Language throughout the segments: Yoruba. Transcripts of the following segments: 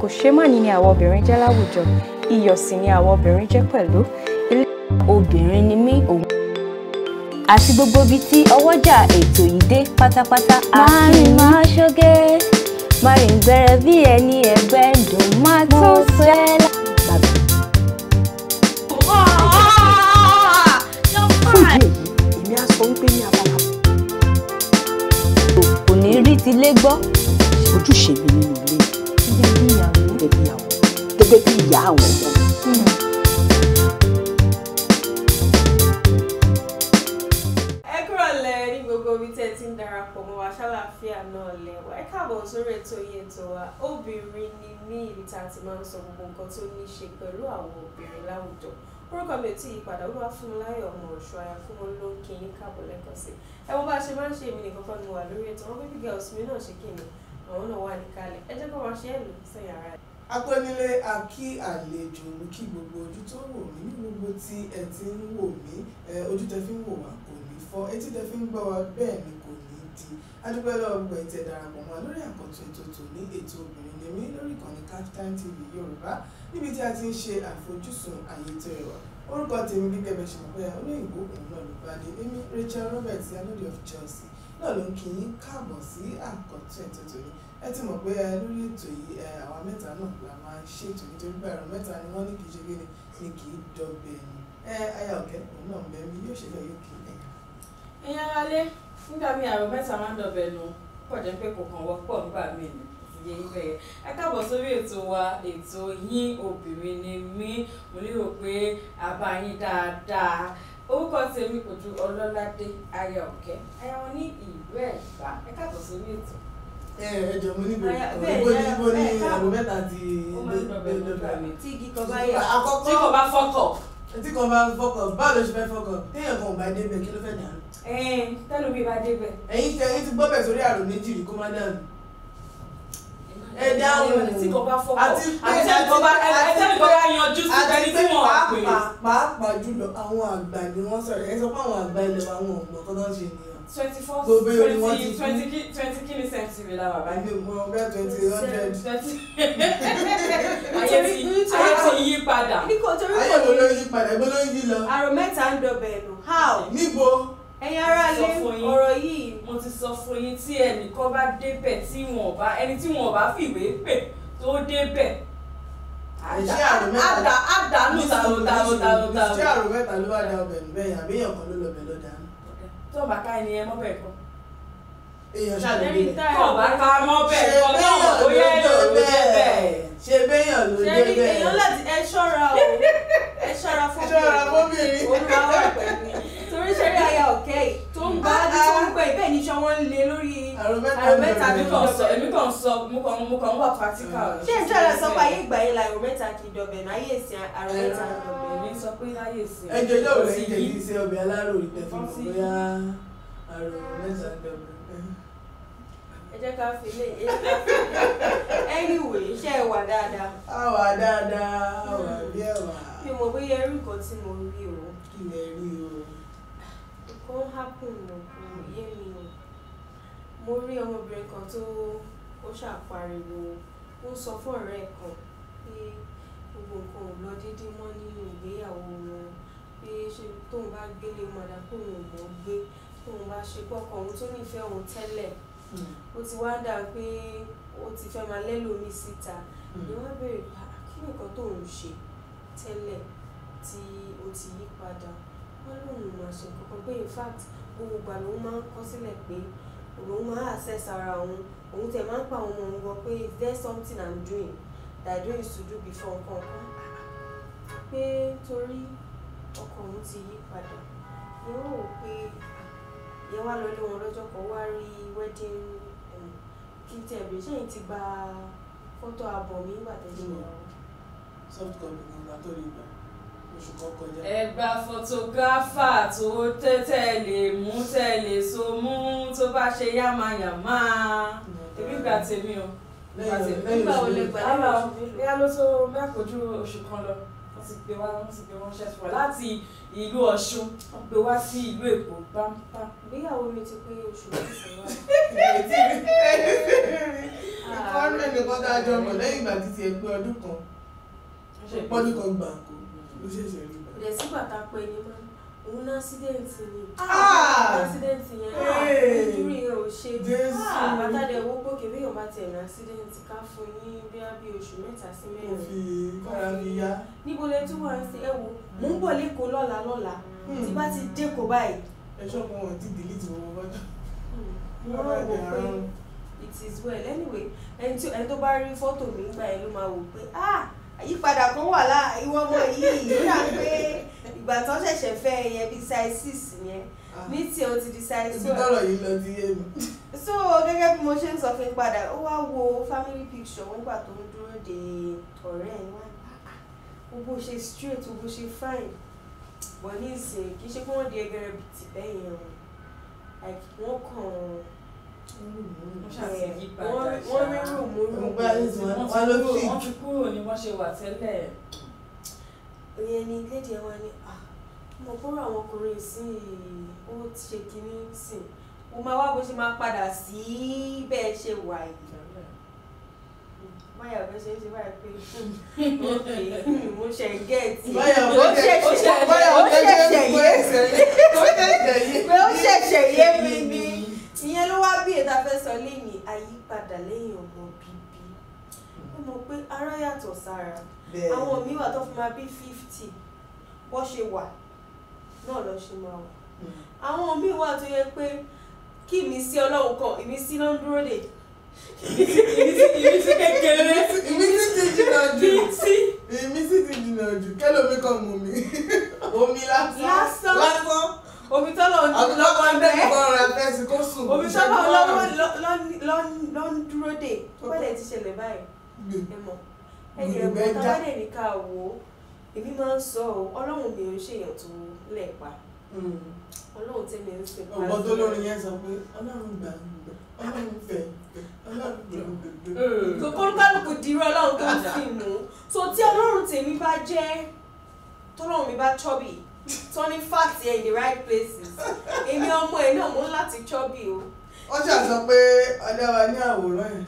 kò ṣe má ní ni àwọn obìnrin jẹ́ láwùjọ iyọ̀ sì ni àwọn obìnrin jẹ́ pẹ̀lú ilé obìnrin ni mí òun. àti gbogbo ibi tí ọwọ́jà ètò yìí dé pátápátá. máa rìn máa ṣoge máa rìn gbẹrẹ bí ẹni ẹgbẹ́ ń máa tó sẹ́ lá. ojúṣe mi gẹ́gẹ́ bí ìyá àwọn ọmọ. ẹ kúrọ̀lẹ́ ní gbogbo ibi tẹ́ ẹ ti ń darapọ̀ mọ́ wa ṣàlàáfíà náà lẹ́wọ̀ ẹ káàbọ̀ sórí ètò yìí ètò wa obìnrin ni ní ibi tá a ti máa ń sọ gbogbo nǹkan tó ní í ṣe pẹ̀lú àwọn obìnrin láwùjọ orúkọ mi ò tí yí padà ó fún mi láyọ̀ ọmọ ọ̀ṣọ́ aya fún wọn ló ń kí yín káàbọ̀ lẹ́kọ̀ọ́ sí ẹ wọ́n bá ṣe máa ń ṣe èmi nìkan kan ni wà lórí ètò wọn baby girls mi náà ṣe kí ni àwọn náà wà níkàlẹ̀ ẹ jẹ́ kó máa ṣe ẹ̀lú sẹ́yìn ara rẹ̀ agbónilé a kí àlejò mi kí gbogbo ojú tó wò mí ní gbogbo tí ẹ ti ń wò mí ojú tẹ fi ń wò wá kò ní fọ́ etí tẹ fi ń gbọ́ wa bẹ́ẹ̀ ni kò ní di adúpẹ́ lọ́wọ́ gbogbo ẹ̀tẹ̀ darapọ̀ lórí àkọ́tún ètò tòní ètò obìnrin lèmi lórí ìkànnì Kaftan TV Yorùbá níbi tí a ti ń ṣe àfojúsùn àyè tó rẹwà orúkọ tèmi gẹ́gẹ́ bẹ́ẹ̀ ṣe pé olóyìnbó òun náà ló bá dé èmi Rachel Roberts alóde of Chelsea náà ló ń kí yín káàbọ̀ sí àkọ́tún ètò tòní ẹ ti mọ̀ pé ẹ lórí ètò yìí ẹ mẹ́ta náà la máa ń ṣètò nítorí pé mẹ́ta ni wọ́n ní kì í ṣe kíni ni kì í dọ̀bẹ̀ ẹ̀yìn ẹ aya ọ̀kẹ́ òun náà bẹ mi yóò nígbà mẹ́ta máa ń dọ̀bẹ̀ pọ̀ jẹ́ pé kò kàn nígbà ni ẹ káàbọ̀ sórí ètò wa ètò yín obìnrin ni mí mo lérò pé yín dáadáa orúkọ tèmi kò ju Eh, ẹ jọ mo níbo níbo níbo ní àgbo mẹ́ta ti tí kíkọ bá yẹ tí kò bá fọkọ. tí kò bá fọkọ báwo ló ṣe fẹ́ fọkọ téèyàn kan ò bá débẹ̀ kí ló fẹ́ dànù. tẹ́lu mi bá débẹ̀. ẹ̀yin tẹ ẹ̀yin ti gbọ́ bẹ̀ sórí àrò méjì rí kó má dànù. ẹ dáhùn tí kò bá fọkọ àti tẹ́lu bá tẹ́lu bá yanjú sí ẹni tí wọ́n pè. pàápàá jùlọ àwọn àgbà ni wọ́n sọ̀rọ̀ ẹ sọ pé àwọn àgbà ilẹ̀ wa wọn ò gbọ́ kọ́ twenty four twenty twenty twenty kí ni cent mi lára báyìí. ibi twenty hundred. ayé ti ayé ti yí padà. ayé wo ló yí padà ibo ló yí lọ. àrò mẹ́ta ń dọ̀bẹ̀ ẹ̀nu how. níbo. ẹ̀yin ará lé ọ̀rọ̀ yìí. mo ti sọ fún yín tí ẹnìkan bá débẹ̀ tí wọn bá ẹni tí wọn bá fìwé pè tó débẹ̀ iṣẹ́ àrùn mẹ́ta àdánù tàrùtàrùtàrùtàrù. iṣẹ́ àrùn mẹ́ta ló wà dá ọbẹ̀ nù bẹ́ẹ̀ àbí èèyàn kan ló lọ bẹ̀ ló tó bá ká ẹni ẹ mọ́ bẹ́ẹ̀ kọ́. èèyàn ṣàlùbí rẹ̀ tó bá ká mọ́ bẹ́ẹ̀ kọ́ náà ó yẹ lò ó jẹ́ bẹ́ẹ̀. ṣe béèyàn ló jẹ́ bẹ́ẹ̀. ṣe èèyàn láti ẹ ṣọ́ra o ẹ ṣọ́ra fún mi olùwàwọ̀ pẹ̀lú oníṣẹ́rí aya ọ̀kẹ́ yìí tó ń bá ah, ah. tó ń gbẹ ìbẹ́ẹ̀ ní sọ́wọ́n ń lé lórí àròmẹ́ta mi kàn sọ èmi kàn sọ mo kàn mo kàn wà practical. ṣé ìjọ rẹ sọ pé ayé ìgbà yẹn la àròmẹ́ta kì í dọ̀bẹ̀ náà ayé ìsìn àròmẹ́ta dọ̀bẹ̀ mi sọ pé láyé ìsìn. ẹjọ yóò rẹ ìjẹ kì í ṣe ọbẹ̀ aláró ìtẹ̀fọ́ bóyá àròmẹ́ta dọ̀bẹ̀ ẹ jẹ́ ká fi lé ẹ jẹ́ ká fi lé anyway iṣẹ́ ẹ wà dáadáa. a wà dáadáa a wà bí ẹ wà ó ń o kò yé mi o mo rí ọmọbìnrin kan tó ó ṣàpariwo ó sọ fún ọ̀rẹ́ ẹ̀ kan pé gbogbo nǹkan ò lọ déédé mọ́ nínú ìgbéyàwó wọn pé ṣe tóun bá gbélé mọ̀dà kó òun mọ̀ gbé tóun bá ṣe kọ́kọ́ òun tó nífẹ̀ẹ́ òun tẹ́lẹ̀ hmm. ó ti wá dà pé ó ti fẹ́ máa lẹ́lòmí síta hmm. ni wọ́n béèrè kí nìkan tóun ṣe tẹ́lẹ̀ tí ó ti yí padà wọ́n lòun ò máa ṣe kankan pé in fact gbogbo ìgbà lòun máa ń kọ sílẹ̀ pé òun máa access ara òun òun tẹ̀ máa ń pa ọmọ òun gan pé is something i'm doing that i don't used to do before nǹkan kan pé torí ọkọ òun ti yí padà ni wọ́n wò pé ah, ìyẹn wá lọ lé wọn lọ́jọ́ wedding um, kí tẹ̀ gba fọ́tò mi nígbà oṣù kan kọjá. ẹ gba fotogáfà tó tẹ́tẹ́ lè mú tẹ́lẹ̀ so mú tó bá ṣe yámayàmá ibi gbà tèmi o gbà tèmi nígbà wo lè gbà lẹ́yìn oṣù mélòó. bí a ló tó mẹ́kọ̀ọ́jú oṣù kan lọ wọ́n ti gbé wá wọ́n ti gbé wọ́n ṣẹ́tù láti ìlú Ọ̀ṣun wọ́n gbé wá sí ìlú Èkó pápá. ìgbéyàwó mi ti pé oṣù mẹ́sàn-án wá. ìkọ́nù ẹnìkan tá a jọ lẹ́yìn ìgbà tí ti ẹ pé ọdún kan ọdún kan gbà ló ṣẹ̀ṣẹ̀ rí bá. ìdẹ̀sí bàtà pé ni mọ́ òun náà sídẹ̀ǹtì ni sídẹ̀ǹtì yẹn náà ìdúró yẹn ò ṣe bàtà dẹ̀ wó pé kébé a bí oṣù mẹ́ta sí mẹ́rin. kò fi kára mi yá. níbo lẹ tún wà ń ṣe ẹ wo mò ń bọ̀ lẹ́kọ̀ọ́ lọ́la mo it is well anyway ẹni tó bá rí fọ́tò mi gbà yẹn ló máa wò pé ah àyípadà kan wà lá ìwọ ọmọ yìí nígbà pé ìgbà tó ṣẹ̀ṣẹ̀ fẹ́ yẹn bíi size six yẹn ah. ní tí o ti di size two. ibi tọrọ yìí lọ ti yé so gẹ́gẹ́ bí mo ṣe ń sọ fún padà ó wá wo family picture nígbà tó ń dúró de ọ̀rẹ́ ẹ̀ wá ah, ah, gbogbo ṣe straight gbogbo ṣe fine but ní ìsìn kì í ṣe pé wọ́n di ẹgẹrẹ bìtì bẹ́yẹn like wọ́n kàn án wọ́n rí rúùmù rúùmù wọ́n ló fi wọ́n ti kúrò ní wọ́n ṣe wà tẹ́lẹ̀. ìyẹn ni lédi ẹ wá ní mo kúrò àwọn ọkùnrin sí ó ti ṣe kínní sí mo máa wá bó ṣe máa padà sí bẹ́ẹ̀ ṣe wà yìí báyà bó ṣe ń ṣe báyà pé mo ṣe gẹ́ẹ̀tì mo ṣẹ̀ṣẹ̀ yé mi ni mo ṣẹ̀ṣẹ̀ yé mi ni ìyẹn ló wá bí ètò afẹ́sọ lẹ́yìn àyípadà lẹ́yìn ọmọ bíbí ó mọ̀ pé ara yàtọ̀ sára àwọn míì wà tó fi máa bí fifty bó ṣe wà náà ló ṣe máa wà hmm. àwọn míì wà tó yẹ pé kí ìmísí ọlọ́run kan ìmísí ló ń dúró dè ìmísí kékeré ìmísí ti jìnnà jù ìmísí ti jìnnà jù kẹ́lómi kan mú mi omi lásán lásán omi tọ́lọ̀ lọ́wọ́ rẹ̀ omi tọ́lọ̀ lọ́wọ́ ń dúró dè wọ́lẹ̀ ti ṣẹlẹ̀ báyìí ẹ mọ̀ ẹ̀yẹ̀ mọ̀ tábàdé nìkan wò ó èmi máa ń sọ ọ ọlọ́run mi ò ń ṣèyàn tó lẹ̀ pa ọlọ́run tẹ́lẹ̀ ń ṣe pa. ọ̀gbọ́n tó hmm. lórí yẹn sọ pé ọlọ́run gbà ọlọ́run fẹ́ ọlọ́run gbà. Hmm. kòkòrò dirú ọlọ́run tó ń fi mú so tí ọlọ́run tèmi bá jẹ́ tọ́lọ́run mi bá chọ́bì turning fat here in the right places èmi ọmọ ẹ náà mo ń láti chọ́bì o. wọ́n ṣàṣọ pé ọlẹ́wà ní àwòrán ẹ̀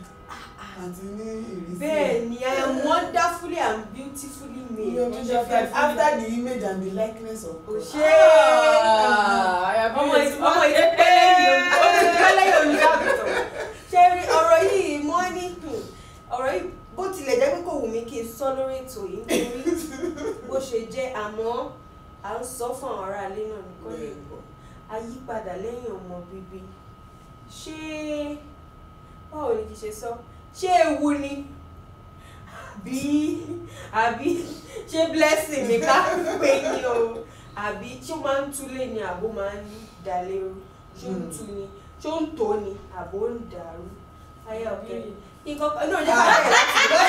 àti ní ìrísí. bẹ́ẹ̀ ni I am wonderfully and beautifully made. after the image and the likeness of God. Ah, ṣé ọmọ ọmọ ìdẹ́pẹ́lẹ́ olùdábìtàn ṣé ọ̀rọ̀ yìí mọ́ ní ọ̀rọ̀ yìí bó tilẹ̀ jẹ́ pé kò wù mí kí n sọ lórí ètò yìí nítorí bó ṣe jẹ́ àmọ́ à ń sọ fún àwọn aráalé náà ní kọ́ lè gbọ́ àyípadà lẹ́yìn ọmọ bíbí ṣé báwo ni kì í ṣe sọ ṣé ewu ni àbí àbí ṣé blessing ni ká pè ní o àbí ṣé ó máa ń túlé ni àbó máa ń dalérú ṣé ó ń tu ni ṣé ó ń tó ni àbó ń dàrú ayé ọ̀kẹ́ nǹkan náà yàrá yàrá ti bẹ́ẹ̀.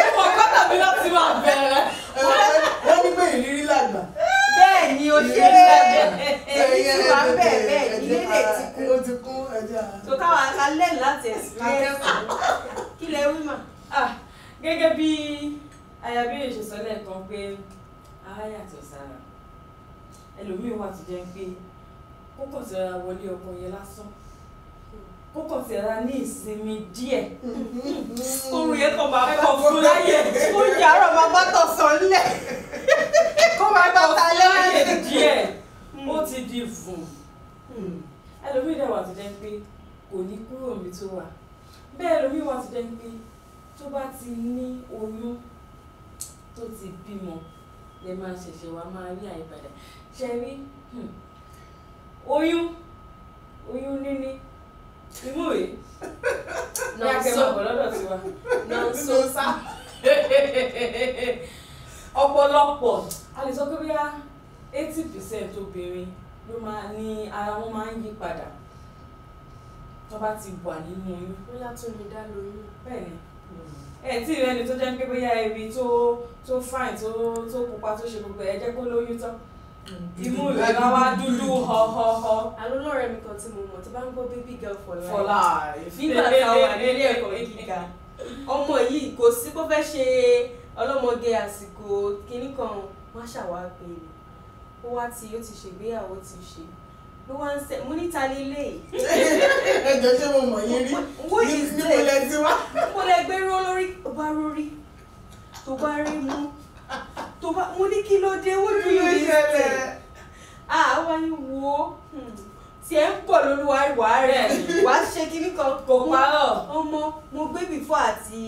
ìfọ̀kọ́tà láti máa bẹ̀rẹ̀. wọ́n ní pé ìrírí làgbà bẹ́ẹ̀ ni o ṣe ń bẹ̀rẹ̀ èyí tí wàá bẹ́ẹ̀ bẹ́ẹ̀ ilé lè ti kú tó táwa alẹ́ láti ẹ̀sìn kí lẹ wí mà. gẹ́gẹ́ bí ayabíyè ṣe sọ lẹ́ẹ̀kan pé a yàtọ̀ sára ẹlòmíín wà tó jẹ́ pé ó kàn ti rọra wọlé ọkọ yẹn lásán kó kàn sí ara ní ìsinmi díẹ̀ mm-hmm. oorun yẹn kàn máa kọ fún láyè ó yàrá máa bá tọ̀ sọ́nlẹ̀ kó máa bá ta láyè díẹ̀ mm. ó ti di fùn mm. ẹlòmíì dẹ̀ wà tó jẹ́ pé kò ní kúrò mi tó wà bẹ́ẹ̀ ẹlòmíì wà tó jẹ́ pé tó bá ti ní oyún tó ti bímọ lè máa ṣẹ̀ṣẹ̀ wá máa rí àyípadà ṣe rí hmm. oyún. ọ̀pọ̀lọpọ̀ a lè sọ pé bóyá eighty percent obìnrin ló máa ní ara wọn máa ń yí padà tó bá ti wà nínú oyún. bóyá tó lè dá lóyún. bẹ́ẹ̀ni ẹ tí ìrẹ́ ni tó jẹ́ pé bóyá ibi tó tó fine tó tó pupa tó ṣe gbogbo ẹ jẹ́ kó lóyún tán mm. imú rẹ̀ bá wá dúdú họ́họ́họ́. alólọ́rẹ̀ mi kan tí mo mọ̀ tó bá ń gbọ́ baby girl for life. for life. nígbà tá a wà nílé ẹ̀kọ́ gíga ọmọ yìí kò sí bó fẹ́ ṣe ọlọ́mọge àsìkò kínní kan wọ́n ṣàwárí pé ó wá tí ó ti ṣègbéyàwó ti ṣe ló wá ń sẹ mo níta lélẹ̀ yìí. ẹ jọ ṣé mo mọ̀ yín rí ní mo lẹ ti wá. mo lẹ gbé ró lórí tó bá rórí tó bá rí mú tó bá mo ní kí ló dé wọ́n dúró ah, ní ìṣẹ̀lẹ̀. àwa ni wo. Hmm tí ẹ ń pọ̀ lóluwa ìwà rẹ̀ wá ṣe kíní kan kò parọ́ ọmọ mo gbé before àti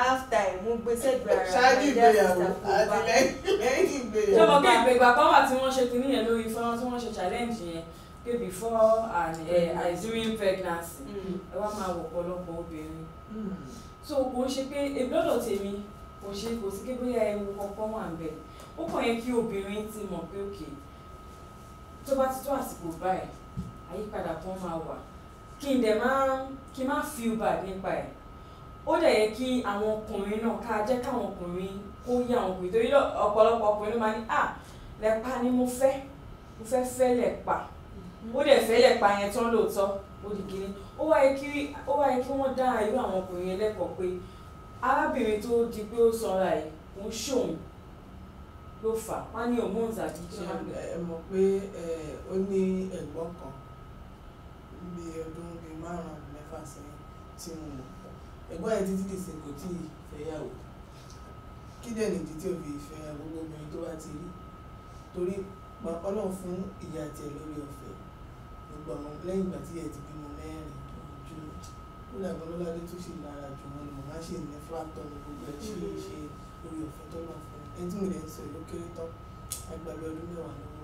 half time mo gbé sẹ́gbẹ̀ẹ́ ara ṣáájú ìgbéyàwó àti lẹ́yìn ìgbéyàwó. ṣọmọ pé ìgbà kan wà tí wọ́n ṣe kíní yẹn lórí fọ́nrán tí wọ́n ṣe challenge yẹn pé before and uh, during pregnancy mm. ẹ wá máa wọ̀ ọ̀pọ̀lọpọ̀ obìnrin mm. so kò ń ṣe pé èmi lọ́dọ̀ tèmi kò ṣe kò sí pé bóyá ewu kankan wà ń bẹ̀ ó kàn yẹ kí obìnrin ti mọ̀ pé òkè tó bá ti tó àsìkò báyìí àyípadà kan máa wà kí n dẹ̀ máa kí n má feel bad nípa ẹ̀ ó dẹ̀ yẹ kí àwọn ọkùnrin náà ká jẹ́ káwọn ọkùnrin kó yé àwọn ọkùnrin torí ọ̀pọ̀lọpọ̀ ọkùnrin ló máa ní à ah, lẹ́pa ni mo fẹ́ mo fẹ́ fẹ́ lẹ́pa ó dẹ̀ fẹ́ lẹ́pa yẹn tán lóòótọ́ ó di kiri ó wá yẹ kí ó wá yẹ kí wọ́n dá irú àwọn ọkùnrin yẹn lẹ́kọ̀ọ́ pé arábìnrin tó di pé ó sọra ẹ̀ ń ṣòun ló fà wá ní hormones àti jẹ́ ẹ mọ̀ pé ó ní ẹ̀gbọ́n kan bí ọdún bíi márùn-ún mẹ́fà sẹ́yìn tí mo mọ̀ ẹ̀gbọ́n yẹn títí dìsè kò tí ì fẹ́yàwó kí dẹ̀ nìdí tí òbí ìfẹ́ gbogbo obìnrin tó bá ti rí torí ọlọ́run fún ìyá àti ẹ̀ lórí ọ̀fẹ́ gbogbo àwọn lẹ́yìn ìgbà tí ẹ̀ ti bímọ mẹ́rin ojú ó dàgbọ́ lọ́ládé tó ṣe lára jù wọn ni màmá ṣe ní fúlàtọ̀ ní gbogbo ẹ̀ ṣe ṣe orí ọ̀fẹ́ tó lọ́ fún ẹni tí mo lè ń sọ ìlú kéré tán agbábẹ́ ọdún mẹ́wàá lọ́wọ́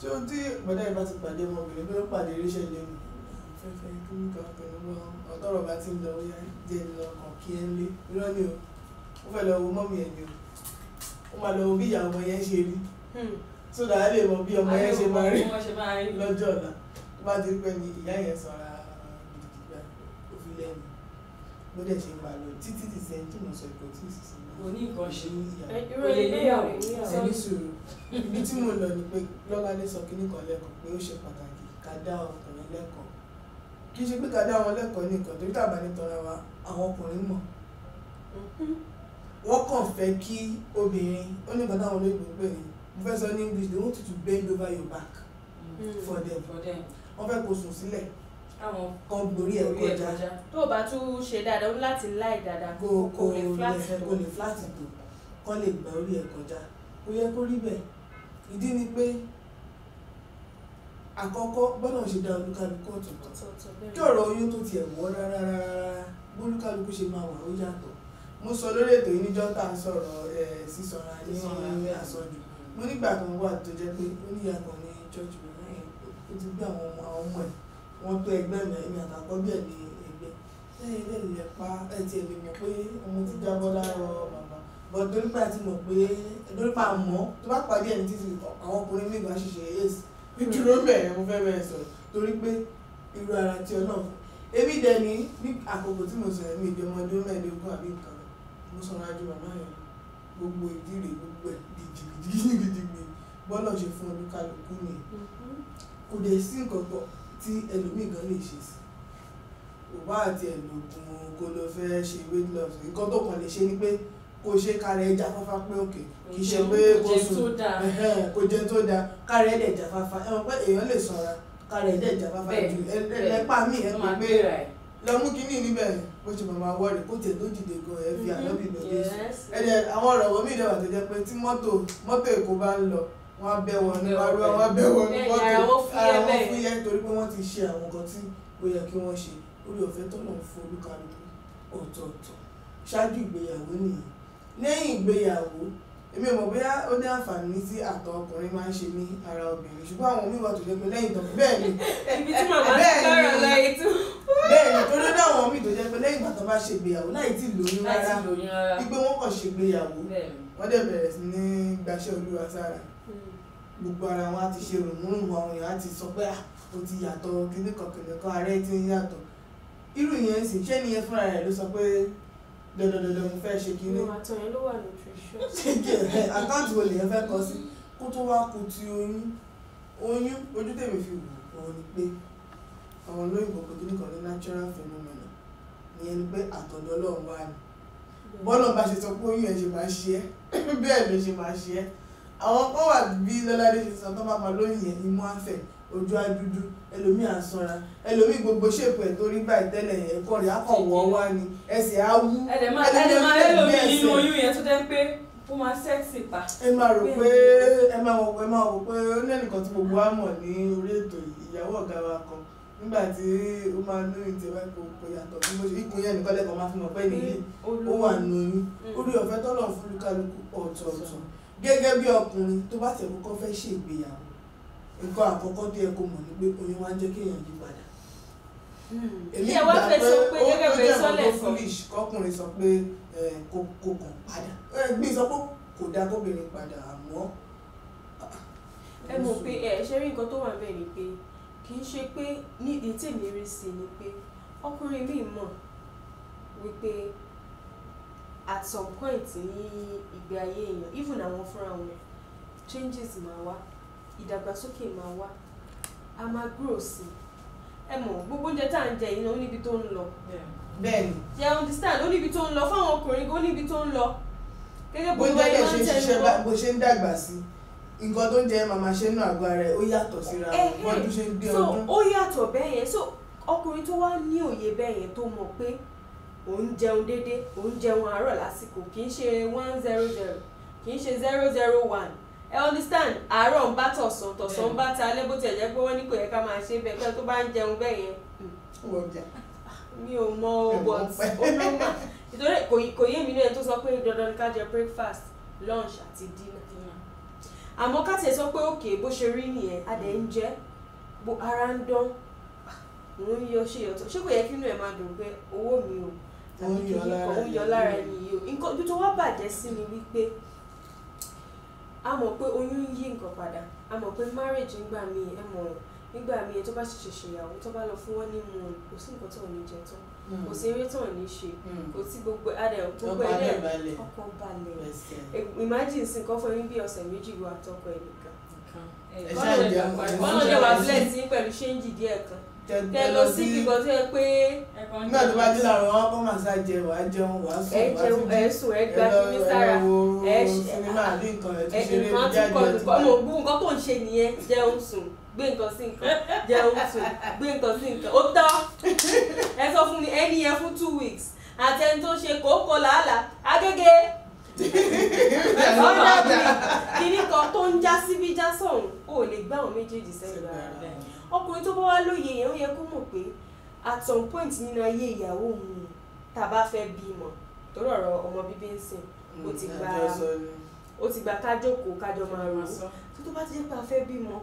tí ohun tí bọ́dá yìí ti pàdé ọmọbìnrin tó ń pàdé iléeṣẹ́ ilé mi fẹ́fẹ́ kí ní kan pẹ̀lú wọn ọ̀tọ́rọ̀ bá ti ń lọ wíyá jẹ́ ní ọkàn kí ẹ ń lé irọ́ ni o ó fẹ́ lọ wo mọ́mì ẹ̀ ni o ó máa lọ wo bí ìyá ọmọ yẹn ṣe rí hmm. tó dàá lè mọ bí ọmọ yẹn ṣe máa rí lọ́jọ́ ọ̀la tó bá ti pẹ́ ni ìyá yẹn sọ̀ra gidigidi gbà lẹ́nu bó dẹ̀ ṣe ń bá lọ títí ti sẹ́yìn mọ̀ sọ ìkọ̀tí ìsísọ oní nǹkan ṣe òye níyàwó ẹni sùúrù ibi tí mo lọ ni pé lọ́ládé sọ kí nìkan lẹ́kọ̀ọ́ pé ó ṣe pàtàkì ká dá ọkùnrin lẹ́kọ̀ọ́ kì í ṣe pé ká dá wọn lẹ́kọ̀ọ́ nìkan torí tàbá ní tọ́ra wa àwọn ọkùnrin mọ̀ wọ́n kàn fẹ́ kí obìnrin ó ní nǹkan táwọn olóyìnbó ń pè ní mo fẹ́ sọ ní English they want you to bend over your back hmm. for them wọ́n fẹ́ kó sùn sílẹ̀ àwọn kan gborí ẹ kọjá tó o bá tún ṣe dáadáa ó láti láì dáadáa kó o lè flat tó kó lè flat tó kó lè gba orí ẹ kọjá ó yẹ kó rí bẹ́ẹ̀ ìdí ni pé àkọ́kọ́ bọ́nà ṣe dá olúkálukú ọ̀tọ̀ọ̀tọ̀ kí ọ̀rọ̀ oyún tó tiẹ̀ wọ́ rárá rárá bólúkálukú ṣe máa wà ó yàtọ̀ mo sọ lórí ètò yìí tá à ń sọ̀rọ̀ sísanra ní ìwé àsọjù mo nígbà kan wà tó jẹ́ pé ó níyà kan ní church ó wọ́n tó ẹgbẹ́ mi ẹ̀mí àtàkọ́bí ẹ̀ ní ẹgbẹ́ ẹ̀yìn lè lè pa ẹ̀ tiẹ̀ lè mọ̀ pé ọmọ ti jábọ́ lára bàbá bọ̀ dórípà ti mọ̀ pé dórípà mọ́ tó bá pàdé ẹni títí àwọn ọkùnrin mi ìgbà ṣiṣẹ́ yéèsì ìdúró bẹ̀rẹ̀ mo fẹ́ bẹ̀rẹ̀ sọ̀rọ̀ torí pé irú ara ti ọ náà èmi dẹ̀ ní ní àkókò tí mo sọ̀rọ̀ mi ìdí ọmọ ọdún mẹ́ẹ̀ẹ́dógún àbí nǹkan mo sọ̀rọ̀ ajú màmá yẹn gbogbo ìdíre gbogbo ẹ̀ gidigidi gidigidi bọ́lá ṣe fún olúkálùkù ni mm-hmm. kò dẹ̀ sí nǹkan pọ̀ tí ẹlòmíì gan lè ṣe sí òbá àti ẹlòògùn kó ló fẹ́ ṣe weight loss nǹkan tó kàn lè ṣe ni pé kò ṣe kárẹ̀ ẹja fáfá pé òkè kì í ṣe pé kò sùn kò jẹ tó dáa kárẹ̀ ẹ̀dẹ̀ ẹja fáfá ẹ̀wọ̀n pé èèyàn lè sanra kárẹ̀ ẹ̀dẹ̀ ẹja fáfá ju ẹlẹ́pà míì ẹ̀ pé pé lọ́mú kínní níbẹ̀ bó ṣe máa wọ́ rẹ̀ kó tiẹ̀ tó dìde gan ẹ̀ fi àlọ́bì lọ́dẹ̀ ẹ̀dẹ̀ àwọn ọ̀rọ̀ wọ́n mí ìdẹ̀wà tó jẹ́ pé tí mọ́tò mọ́tò èkó bá ń lọ wọ́n bẹ́ wọn ní wọ́n bẹ́ wọn ní wọ́n ara wọn fúyẹ́ torí pé wọ́n ti ṣe àwọn nǹkan tí ó yẹ kí wọ́n ṣe orí ọ̀fẹ́ tọ́lọ̀ ń fún olúkálùkù ọ̀tọ̀ọ̀tọ̀ ṣáájú ìgbéyàwó nìyẹn lẹ́yìn ìgbéyàwó èmi ò bóyá ó ní àǹfààní tí àtọ̀ ọkùnrin máa ń ṣe ní ara obìnrin ṣùgbọ́n àwọn oníwà tó jẹ́ pé tó bẹ́ẹ̀ ni ibi tí màmá ti tó bẹ́ẹ̀ náà àwọn míì tó jẹ́ pé lẹ́yìn bá ṣe ìgbéyàwó láì tí lóyún rárá wípé wọ́n kàn ṣe ìgbéyàwó wọ́n dẹ̀ bẹ̀rẹ̀ sí ní gbaṣẹ́ olúwa sára gbogbo ara wọn á ti ṣe rùmúrùmù àwọn èèyàn á ti sọ pé ó ti yàtọ̀ kíní kan kìnìún kan ààrẹ ti ń yàtọ̀ irú ìyẹn sì ṣé nìyẹn fúnra rẹ̀ ló sọ pé dandandandan mo fẹ́ ṣe kíní. àkáǹtì wo lèyàn fẹ́ kọ sí kó tó wá kú ti oyún oyún ojú tèmi fi wù ọ́ ni pé àwọn olóyìnbó pé kíní kan ní natural phenomena ìyẹn ni pé àtọ̀dọ̀ Ọlọ́run wà ní bọ́lọ̀ bá ṣe sọ pé oyún ẹ̀ ṣe máa ṣe é bẹ́ẹ̀ ló ṣe máa ṣe é àwọn kan wà bí lọ́ládé ṣe sọ tó bá pa lóyìn yẹn ni wọ́n á fẹ̀ ojú adúdú ẹlòmíì à ń gbogbo ṣèpọ̀ ẹ̀ torí gbà tẹ́lẹ̀ ẹ̀kọ́ rẹ̀ akọ̀wọ́ wá ni ẹsẹ̀ á wú ẹlòmíì nínú oyún yẹn tó dẹ́ pé ó máa sẹ́ẹ̀sì pa. ẹ máa rò pé ẹ máa wò pé ẹ wò pé ó ní ẹnìkan tí gbogbo wa mọ̀ ní orí ètò ìyàwó ọ̀gá wa kan gẹ́gẹ́ bí ọkùnrin tó bá tẹ̀wọ́ kọ́ fẹ́ ṣe ìgbéyàwó nǹkan àkọ́kọ́ tó yẹ kó mọ̀ ni pé oyún wá ń jẹ́ kéèyàn yí padà. Hmm. èmi gbà pé ó jẹ́ ọ̀dọ́ foolish kọkùnrin sọ pé kò kàn padà gbé sọ pé kò dáa kóbìnrin padà àmọ́. ẹ mọ̀ pé ẹ ṣe rí nǹkan tó wà bẹ́ẹ̀ ni pé kì í ṣe pé nídìí tèmi rí sí ni pé ọkùnrin mi mọ̀ wípé at some point ní ìgbé ayé èèyàn even àwọn fúnra wọn changes máa wá ìdàgbàsókè máa wá a máa grow sí ẹ gbogbo oúnjẹ tá à ń jẹ yìí náà ó níbi tó ń lọ bẹ́ẹ̀ni ṣe understand ó níbi tó ń lọ fáwọn ọkùnrin ó níbi tó ń lọ bó ṣe bó ṣe ń dàgbà sí nǹkan tó ń jẹ màmá ṣe nù ó síra ò jẹun dédé ò jẹun àárọ̀ lásìkò kì í ṣe one zero zero kì í ṣe zero zero one ẹ understand àárọ̀ ń bá tọ̀sán tọ̀sán ń bá ta alẹ́ bó tiẹ̀ jẹ́ pé wọ́n ní kò yẹ ká máa ṣe bẹ́ẹ̀ pé tó bá ń jẹun bẹ́ẹ̀ yẹn mi ò mọ ọgbọ̀n ó nọ́mà nítorí kò yé mi ní ẹni tó sọ pé dandan ni ká jẹ breakfast lunch àti dinner àmọ́ ká tiẹ̀ sọ pé òkè bó ṣe rí nìyẹn adẹ̀ ń jẹ́ ara ń dán òun ah, yọ ṣe yọ̀tọ̀ ṣé kò yẹ kí inú ẹ̀ máa dùn pé owó mi ò tàbí kìíní kan lára ẹni yìí o nǹkan ibi tó wá bàjẹ́ sí mi wípé a mọ̀ pé oyún ń yí padà a mọ̀ pé marriage ńgbà mi ẹ mọ̀ nígbà mi tó bá ṣẹ̀ṣẹ̀ ṣèyàwó tó bá lọ fún wọn ní mu kò sí nǹkan tó ní jẹ tán hmm. kò sí eré ní ṣe hmm. kò gbogbo adẹ gbogbo ẹlẹ ọkọ balẹ̀ imagine fún bí méjì wo àtọkọ ẹnìkan wà tẹ lọ sí ibi kan tó yẹ pé. nígbà tó bá dé làwọn wọn kọ́ màsá jẹ wàá jẹun wàá sùn wàá sùn ẹ sùn ẹ gba kíní sára ẹ sinimá àbí nǹkan ẹ tún ṣeré bí jáde ẹ ti bá. mo nǹkan tó ń ṣe nìyẹn jẹun sùn gbé nǹkan sí nǹkan jẹun sùn gbé nǹkan sí nǹkan ó tán ẹ sọ fún mi ẹni yẹn fún two weeks àti ẹni tó ṣe kókó làálàá agége ọ̀rẹ́ mi kìnnìkan tó ń já síbí já sọ̀hún ò lè gbá àwọn méjèèjì sẹ́yìn rárá ọkùnrin tó bá wá lóye yẹn yẹ kó mọ̀ pé at some point nínú ayé ìyàwó òun tá a bá fẹ́ bímọ torí ọ̀rọ̀ ọmọ bíbí ń sìn ó ti mm, gba ó ti gba kájókòó kájọ máa rò ó tó bá ti jẹ́ pé a fẹ́ bímọ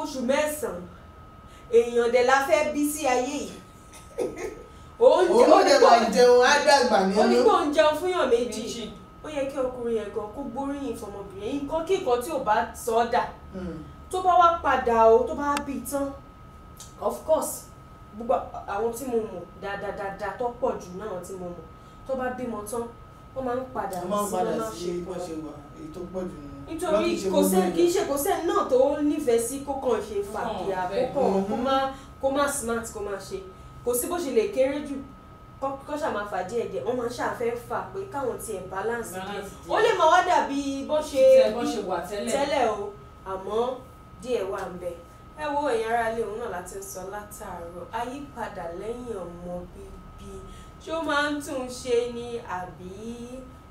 oṣù mẹ́sàn-án èèyàn dẹ̀ la fẹ́ bí sí ayé yìí oúnjẹ wà jẹun á dàgbà nínú onígbò ń jẹun fúnyàn méjì ó yẹ kí ọkùnrin yẹn gan kó gbóríyìn fọmọbìnrin nǹkan kí tí ò bá sọ ọ́ dà mm tó bá wá padà o tó bá bí tán of course gbogbo àwọn tí mo mọ̀ dáadáa tó pọ̀ jù náà tí mo mọ̀ tó bá bímọ tán wọ́n máa ń padà sí ọmọ ṣe pọ̀ nítorí kò sẹ́ kì í ṣe kò sẹ́ náà tó nífẹ̀ẹ́ sí kó kàn ṣe fàkìyà kó kàn kó má kó má smart kó má ṣe kò sí bó ṣe lè kéré jù kọ́ ṣà máa fà díẹ̀ díẹ̀ wọ́n máa ṣàfẹ́ fà pé káwọn tiẹ̀ balance díẹ̀ ó lè máa wá dàbí bó ṣe tẹ́lẹ̀ o àmọ́ díẹ̀ wà ń bẹ̀ ẹ wo èèyàn ara ilé òun náà láti sọ látàárọ̀ àyípadà lẹ́yìn ọmọ bíbí ṣé ó máa ń tún ṣe ni àbí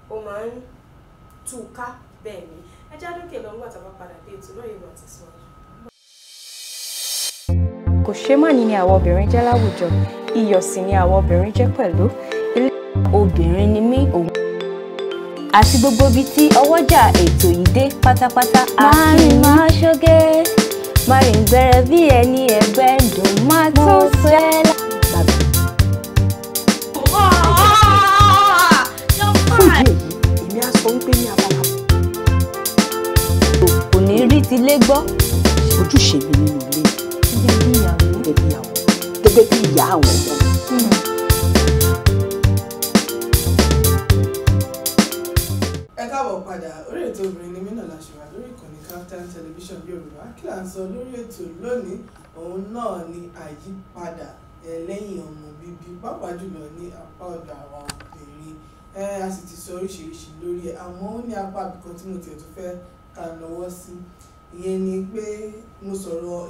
ó máa ń tú ká bẹ́ẹ̀ ni ẹ já dókè lọ nígbà tá a bá padà dé ètò náà yóò máa tẹ̀síwájú. kò ṣe má ní ni àwọn obìnrin jẹ́ láwùjọ iyọ̀ sì ni àwọn obìnrin jẹ́ pẹ̀lú obìnrin ni mí òun àti gbogbo ibi tí ọwọ́jà ètò yìí dé pátápátá máa rìn máa ṣoge máa rìn gbẹrẹ bí ẹni ẹgbẹ́ dùn máa tún sẹ́ kò ní rí ti gbọ́. ojúṣe mi nínú ilé gẹ́gẹ́ bí ìyàwó gẹ́gẹ́ bí ìyá àwọn ọmọ mi. Hmm. káàbọ̀ padà orí ètò obìnrin ni mínà láṣẹwà lórí ìkànnì Kaftan television yorùbá kí là ń sọ lórí ètò lónìí òun náà ni àyípadà lẹ́yìn ọmọ bíbí pàápàá jùlọ ní apá ọ̀dọ̀ àwọn obìnrin a sì ti sọ oríṣiríṣi lórí ẹ̀ àmọ́ ó ní apá kan tí mo tiẹ̀ tó fẹ́ ka lọ́wọ́ sí ìyẹn ni pé mo sọ̀rọ̀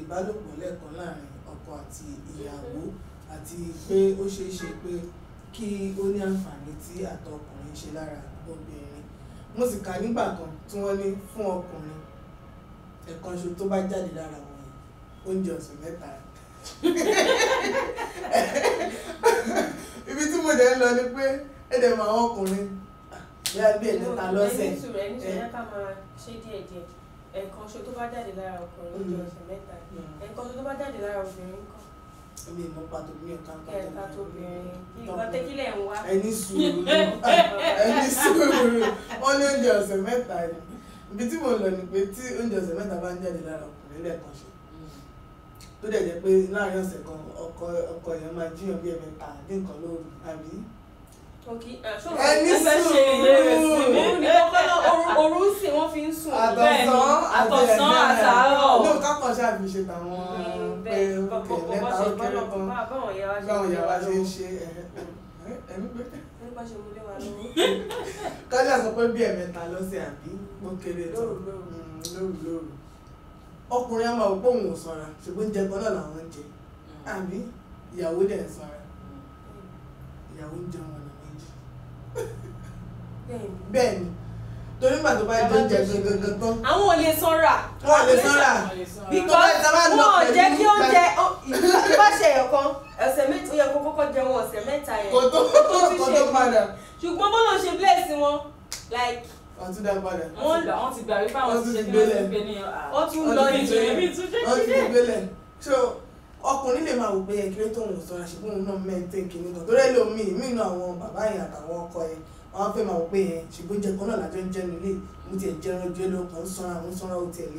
ìbálòpọ̀ lẹ́ẹ̀kan láàrin ọkọ àti ìyàwó àti pé ó ṣeé ṣe pé kí ó ní àǹfààní tí àtọkùnrin ṣe lára mo sì kà nígbà kan tí wọ́n ní fún ọkùnrin ẹ̀kan ṣo tó bá jáde lára wọn oúnjẹ ọ̀sẹ̀ mẹ́ta ibi tí mo dẹ̀ ń lọ ni pé ẹ̀dẹ̀ mọ àwọn ọkùnrin bí a bí ẹ̀dẹ̀ta lọ́sẹ̀. ẹ̀yin sùrẹ̀ ní ṣẹlẹ̀ ká máa ṣe díẹ̀díẹ̀ ẹ̀kan ṣo tó bá jáde lára ọkùnrin oúnjẹ mm. ọ̀sẹ̀ mẹ́ta mm. ẹ̀kan ṣo tó bá jáde lára obìnrin kan èmi ìmọ̀ pàtó bí ẹ̀ka pàtó obìnrin nǹkan tẹ́kílẹ̀ ń wá. ẹni sùúrù ẹni sùúrù wọn ní oúnjẹ ọ̀sẹ̀ mẹ́ta yìí ibi tí mo lọ ni pé tí oúnjẹ ọ̀sẹ̀ mẹ́ta bá ń jáde lára ọkùnrin lẹ́ẹ̀kan ṣe tó dẹ̀ jẹ́ pé láàrin ọ̀sẹ̀ kan ọkọ ọkọ yẹn máa jíyàn bí ẹ̀mẹ́ta ní nǹkan lóru àbí. Ah, ẹni sùúrù òru sì wọ́n fi ń sùn bẹ́ẹ̀ ni àtọ̀sán àtàárọ̀. ní òkà kan ṣáà fi ṣe tàwọn. Mm pé òkè lẹ́ta ó kéré kan báwọn yẹn wá ṣe ń ṣe ẹ̀mí pé. kájà sọ pé bí ẹ̀mẹ́ta lọ́sẹ̀ àbí ó kéré tán lóru lóru mm, ọkùnrin àmọ́ òpó òun ò sanra ṣùgbọ́n jẹ kan náà làwọn ń jẹ mm. àbí ìyàwó dẹ̀ ń sanra mm. ìyàwó ń jẹun ọ̀nà méjì bẹ́ẹ̀ ni torí màtó bá jẹ oúnjẹ gangan tán. àwọn ò lè sanra. wọn ò lè sanra. because wọn ò jẹ́ kí oúnjẹ ìbáṣe ẹ̀yọ̀ kan ọ̀sẹ̀ mẹ́ta ó yẹ kó kọ́kọ́ jẹun ọ̀sẹ̀ mẹ́ta yẹn. kò tó kò tó padà. ṣùgbọ́n bọ́lá ṣe bless wọn like wọ́n tún dá padà. wọ́n ti gbà wípé àwọn ti ṣe kí wọ́n ti gbé ní ah, ọ̀hún. wọ́n tún lọ ìjẹ́ mi tún jẹ́ kí dé. ọkùnrin lè máa wò pé ẹgbẹ́ tóun ò sọ̀rọ̀ ṣùgbọ́n òun náà mẹ́ntẹ́ kìíní kan torí ẹ̀ lómi ìmí inú àwọn bàbá yẹn àtàwọn ọkọ yẹn àwọn fẹ́ máa wọ pé ṣùgbọ́n jẹ kan náà ń jẹ nílé mo tiẹ̀ jẹran ju ẹlọ kan sanra mo sanra o tiẹ̀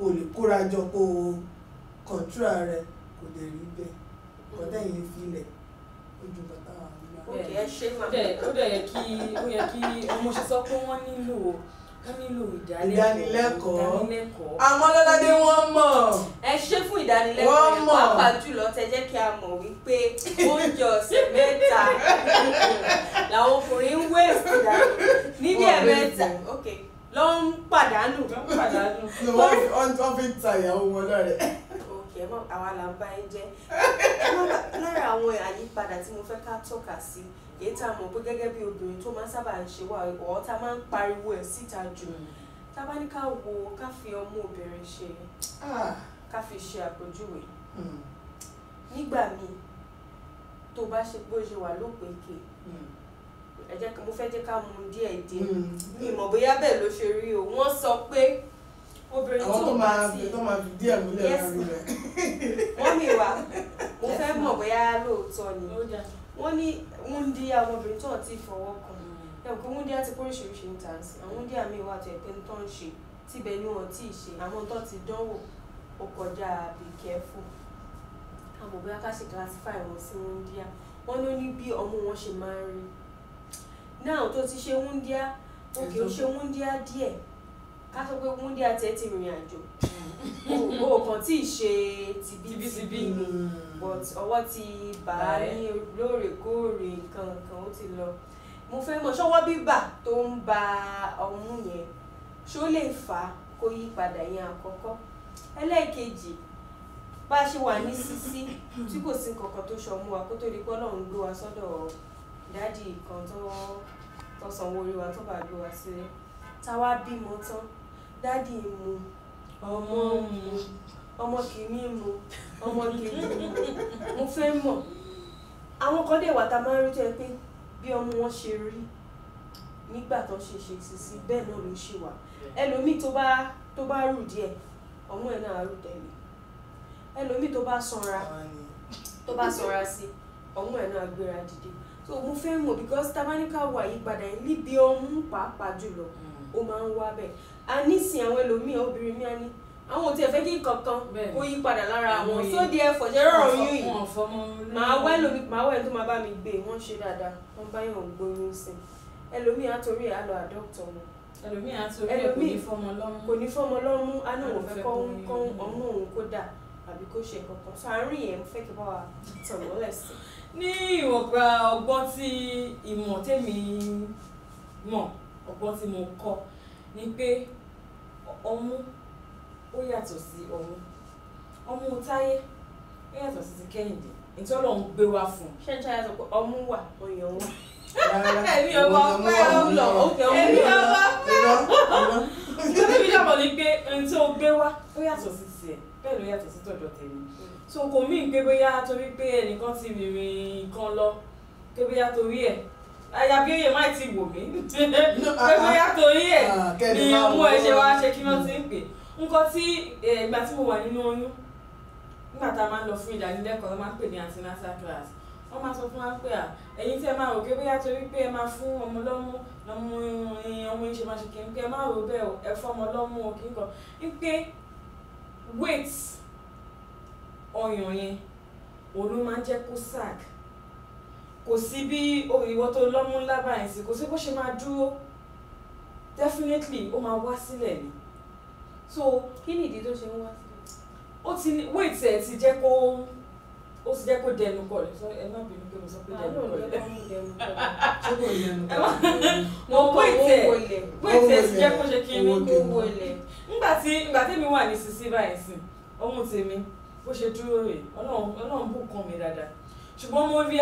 o lè kóra jọ kó o kọ̀ǹtúrà rẹ kò dẹ̀ rí bẹ́ẹ̀ kọ́tà yẹn fi ilẹ̀ ojú bàtà wà nílẹ̀. ó dẹ̀ yẹ kí ó yẹ kí ọmọ ṣe sọ pé wọ́n nílò ìdánilẹ́kọ̀ọ́ àmọ́ lọ́ládé wọ́n mọ̀. ẹ ṣe fún ìdánilẹ́kọ̀ọ́ yẹn pàápàá jùlọ tẹ jẹ́ kí a mọ̀ wípé oúnjẹ ọ̀sẹ̀ mẹ́ta làwọn ọkùnrin ń wé ìsìnkú níbi ẹ̀mẹ́ta ló ń pàdánù. wọ́n fi ń ta ìyàwó wọn lọ́rẹ̀ kẹ mọ àwa là ń bá ẹ jẹ lára àwọn àyípadà tí mo fẹ́ ká tọ́ka sí èyí tá a mọ̀ pé gẹ́gẹ́ bí obìnrin tó máa ń sábà ń ṣe wà ọ̀ tá a máa ń pariwo ẹ̀ síta jù hmm. tá a bá ní ká wo ká fi ọmú obìnrin ṣe ah. ká fi ṣe àpèjúwe hmm. nígbà míì tó bá ṣe bó ṣe wà lópèké hmm. ẹ jẹ́ mo fẹ́ jẹ́ ká mu díẹ̀ díẹ̀ mi mọ̀ bóyá bẹ́ẹ̀ ló ṣe rí o wọ́n sọ pé obìnrin tó bá ti tó máa fi díẹ̀ múlẹ̀ lórí rẹ̀ wọ́n mi wá mo fẹ́ mọ̀ bóyá lóòótọ́ ni wọ́n ní wúndíá àwọn obìnrin tó ti fọwọ́ kan ẹ̀ kó wúndíá ti póríṣiríṣi ń tà sí àwọn wúndíá mi wà tó ẹ̀ pé ń tán ṣe tíbẹ̀ ni wọ́n ti ṣe àwọn tó ti dánwò ó kọjá be careful àmọ́ bóyá ká ṣe classify wọn sí wúndíá wọ́n ló ní bí ọmọ wọn ṣe máa ń rí náà tó ti ṣe wúndíá ó kì í ṣe wúndíá díẹ̀ ká sọ pé wúndíá tẹ́ ti rìnrìn àjò mm. o kàn tí ì ṣe tìbítìbí ni but ọwọ́ ti bà á ní lóòrèkóòrè nǹkan kan ó ti lọ mo fẹ́ mọ̀ ṣọwọ́ bíbà tó ń ba ọ̀hún yẹn ṣó lè fà á kó yí padà yẹn àkọ́kọ́ ẹlẹ́ẹ̀kejì bá a ṣe wà ní sísí tí kò sí kankan tó ṣọmú wa kó tó di pé ọlọ́run gbé wa sọ́dọ̀ dáàdì kan tó tó sanwó orí wa tó bá gbé wa sílẹ̀ táwa bímọ tán dáàdì mu ọmọ mu ọmọ kìíní mu ọmọ kìíní mu mo fẹ́ mọ̀ àwọn kan dẹ̀ wà tá a máa ń rí tó yẹ pé bí ọmọ wọn ṣe rí nígbà tó ṣe ṣe sísí bẹ́ẹ̀ náà ló ṣì wà ẹlòmíì tó bá tó bá rù díẹ̀ ọmọ ẹ̀ náà rù tẹ̀lé ẹlòmíì tó bá sanra tó bá sanra sí ọmọ ẹ̀ náà gbéra dìde so mo fẹ́ mọ̀ because tabanika wà yípadà yìí níbi ọmú pàápàá jùlọ ó máa ń wá bẹ́ẹ̀ a nísìn àwọn ẹlòmíì obìnrin mi á ní àwọn ò tiẹ̀ fẹ́ kí nǹkan kan kó yí padà lára àwọn so therefore jẹ́ rọrùn yín yìí màá wẹ́ lómi màá wẹ́ tó máa bá mi gbé wọ́n ṣe dáadáa wọ́n bá yàn gbóyún sí i ẹlòmíì àtòrí ẹ̀ á lọ àdọ́kítọ̀ wọn ẹlòmíì àtòrí ẹ̀ kò ní fọmọ lọ́mú kò ní fọmọ lọ́mú àná òun fẹ́ kọ́ ọmú òun kó dà àbí kó ṣe kankan so àárín yẹn fẹ́ kí báwa tọ̀wọ́ lẹ̀ sí. ní ìwọ̀nba ọgbọ́n tí ìmọ̀ mo ó yàtọ̀ sí ọ̀hún ọmú táyé ó yàtọ̀ sí ti kẹ́hìndé nítorí ọlọ́run gbé wá fún un. ṣé n ṣáyà sọ pé ọmú wà oyin òun. èmi ọmọ ọpẹ ọlọ òkè òun èmi ọmọ ọpẹ ọlọ. ìjọba mi dàbọ̀ ni pé ohun tí o gbé wá ó yàtọ̀ sí tiẹ̀ bẹ́ẹ̀ ló yàtọ̀ sí tọ̀dọ̀ tèmi. so kò mí pé bóyá torí pé ẹnìkan ti rìnrìn kan lọ pé bóyá torí ẹ̀ àyàbí oyè má ti wò mí pé ah, ah. bóyá torí ẹ̀ ah, ni ìmú ẹ̀ ṣe wá ṣe kí wọ́n ti ń pè é nǹkan tí eh, ìgbà tí mo wà nínú oyún nígbà tá a máa ń lọ fún ìdánilẹ́kọ̀ọ́ wọ́n máa ń pè ní antenatal class wọ́n máa sọ fún wa pé à ẹ̀yin tí ẹ máa rò pé bóyá torí pé ẹ máa fún ọmọ lọ́mú lọ́mú eh, ọmọ yín ṣe máa ṣe kí n pé ẹ máa rò bẹ́ẹ̀ ẹ fọ́ ọmọ lọ́mú o kí n kọ́ ń pé weight ọyàn yẹn òun ló máa ń jẹ́ kó sag kò sí bí ìwọ tó lọ́mú ńlá báyìí sí kò sí bó ṣe máa dúró definitely ó máa wá sílẹ̀ ni so kí ni ìdí tó ṣe ń wá sí ó ti ní wait ẹ ti jẹ́ kó ó ti jẹ́ kó dẹnu kọlẹ̀ sọ ẹ má bínú pé mo sọ pé dẹnu kọlẹ̀ mo kọ owó ilẹ̀ eh, wait eh, ẹ ti jẹ́ kó ṣe kí n kó owó ilẹ̀ ńgbà tí ńgbà tẹ́mi wà ní sisi báyìí sìn ọmú tèmi bó ṣe dúró rè ọlọ́run bù kàn mí dáadáa ṣùgbọ́n mo rí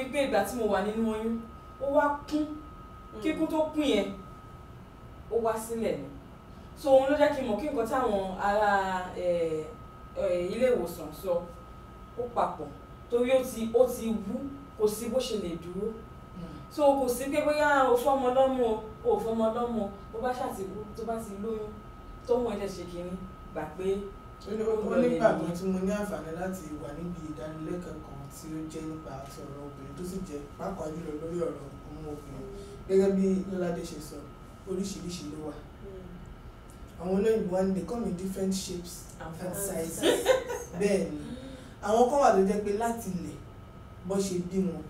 i pé ìgbà tí mo wà nínú oyún ó wá kún hmm. kíkún tó kún yẹn ó wá sílẹ̀ ni so òun ló jẹ́ kí n mọ̀ kí nǹkan táwọn ará ilé ìwòsàn sọ ó papọ̀ torí ó ti ó ti wú kò sí bó ṣe lè dúró so kò sí pé bóyá o fọmọ lọ́mọ o fọmọ lọ́mọ bó bá ṣàti wú tó bá ti lóyún tọ́wọ́n ẹ̀jẹ̀ ṣe kínní gbà pé ó nígbà kan tí mo ní àǹfààní láti wà níbi ìdánilẹ́kọ̀ọ́ kan tí ó jẹ́ nípa àti ọ̀rọ̀ obìnrin tó sì jẹ́ pàápàá jùlọ lórí ọ̀rọ̀ ọmọ obìnrin gẹ́gẹ́ bí lọ́ládé ṣe sọ oríṣiríṣi ló wà àwọn olóyìnbó wa ni they come in different shapes and sizes bẹ́ẹ̀ ni àwọn kan wà tó jẹ́ pé láti ilẹ̀ bó ṣe bí wọn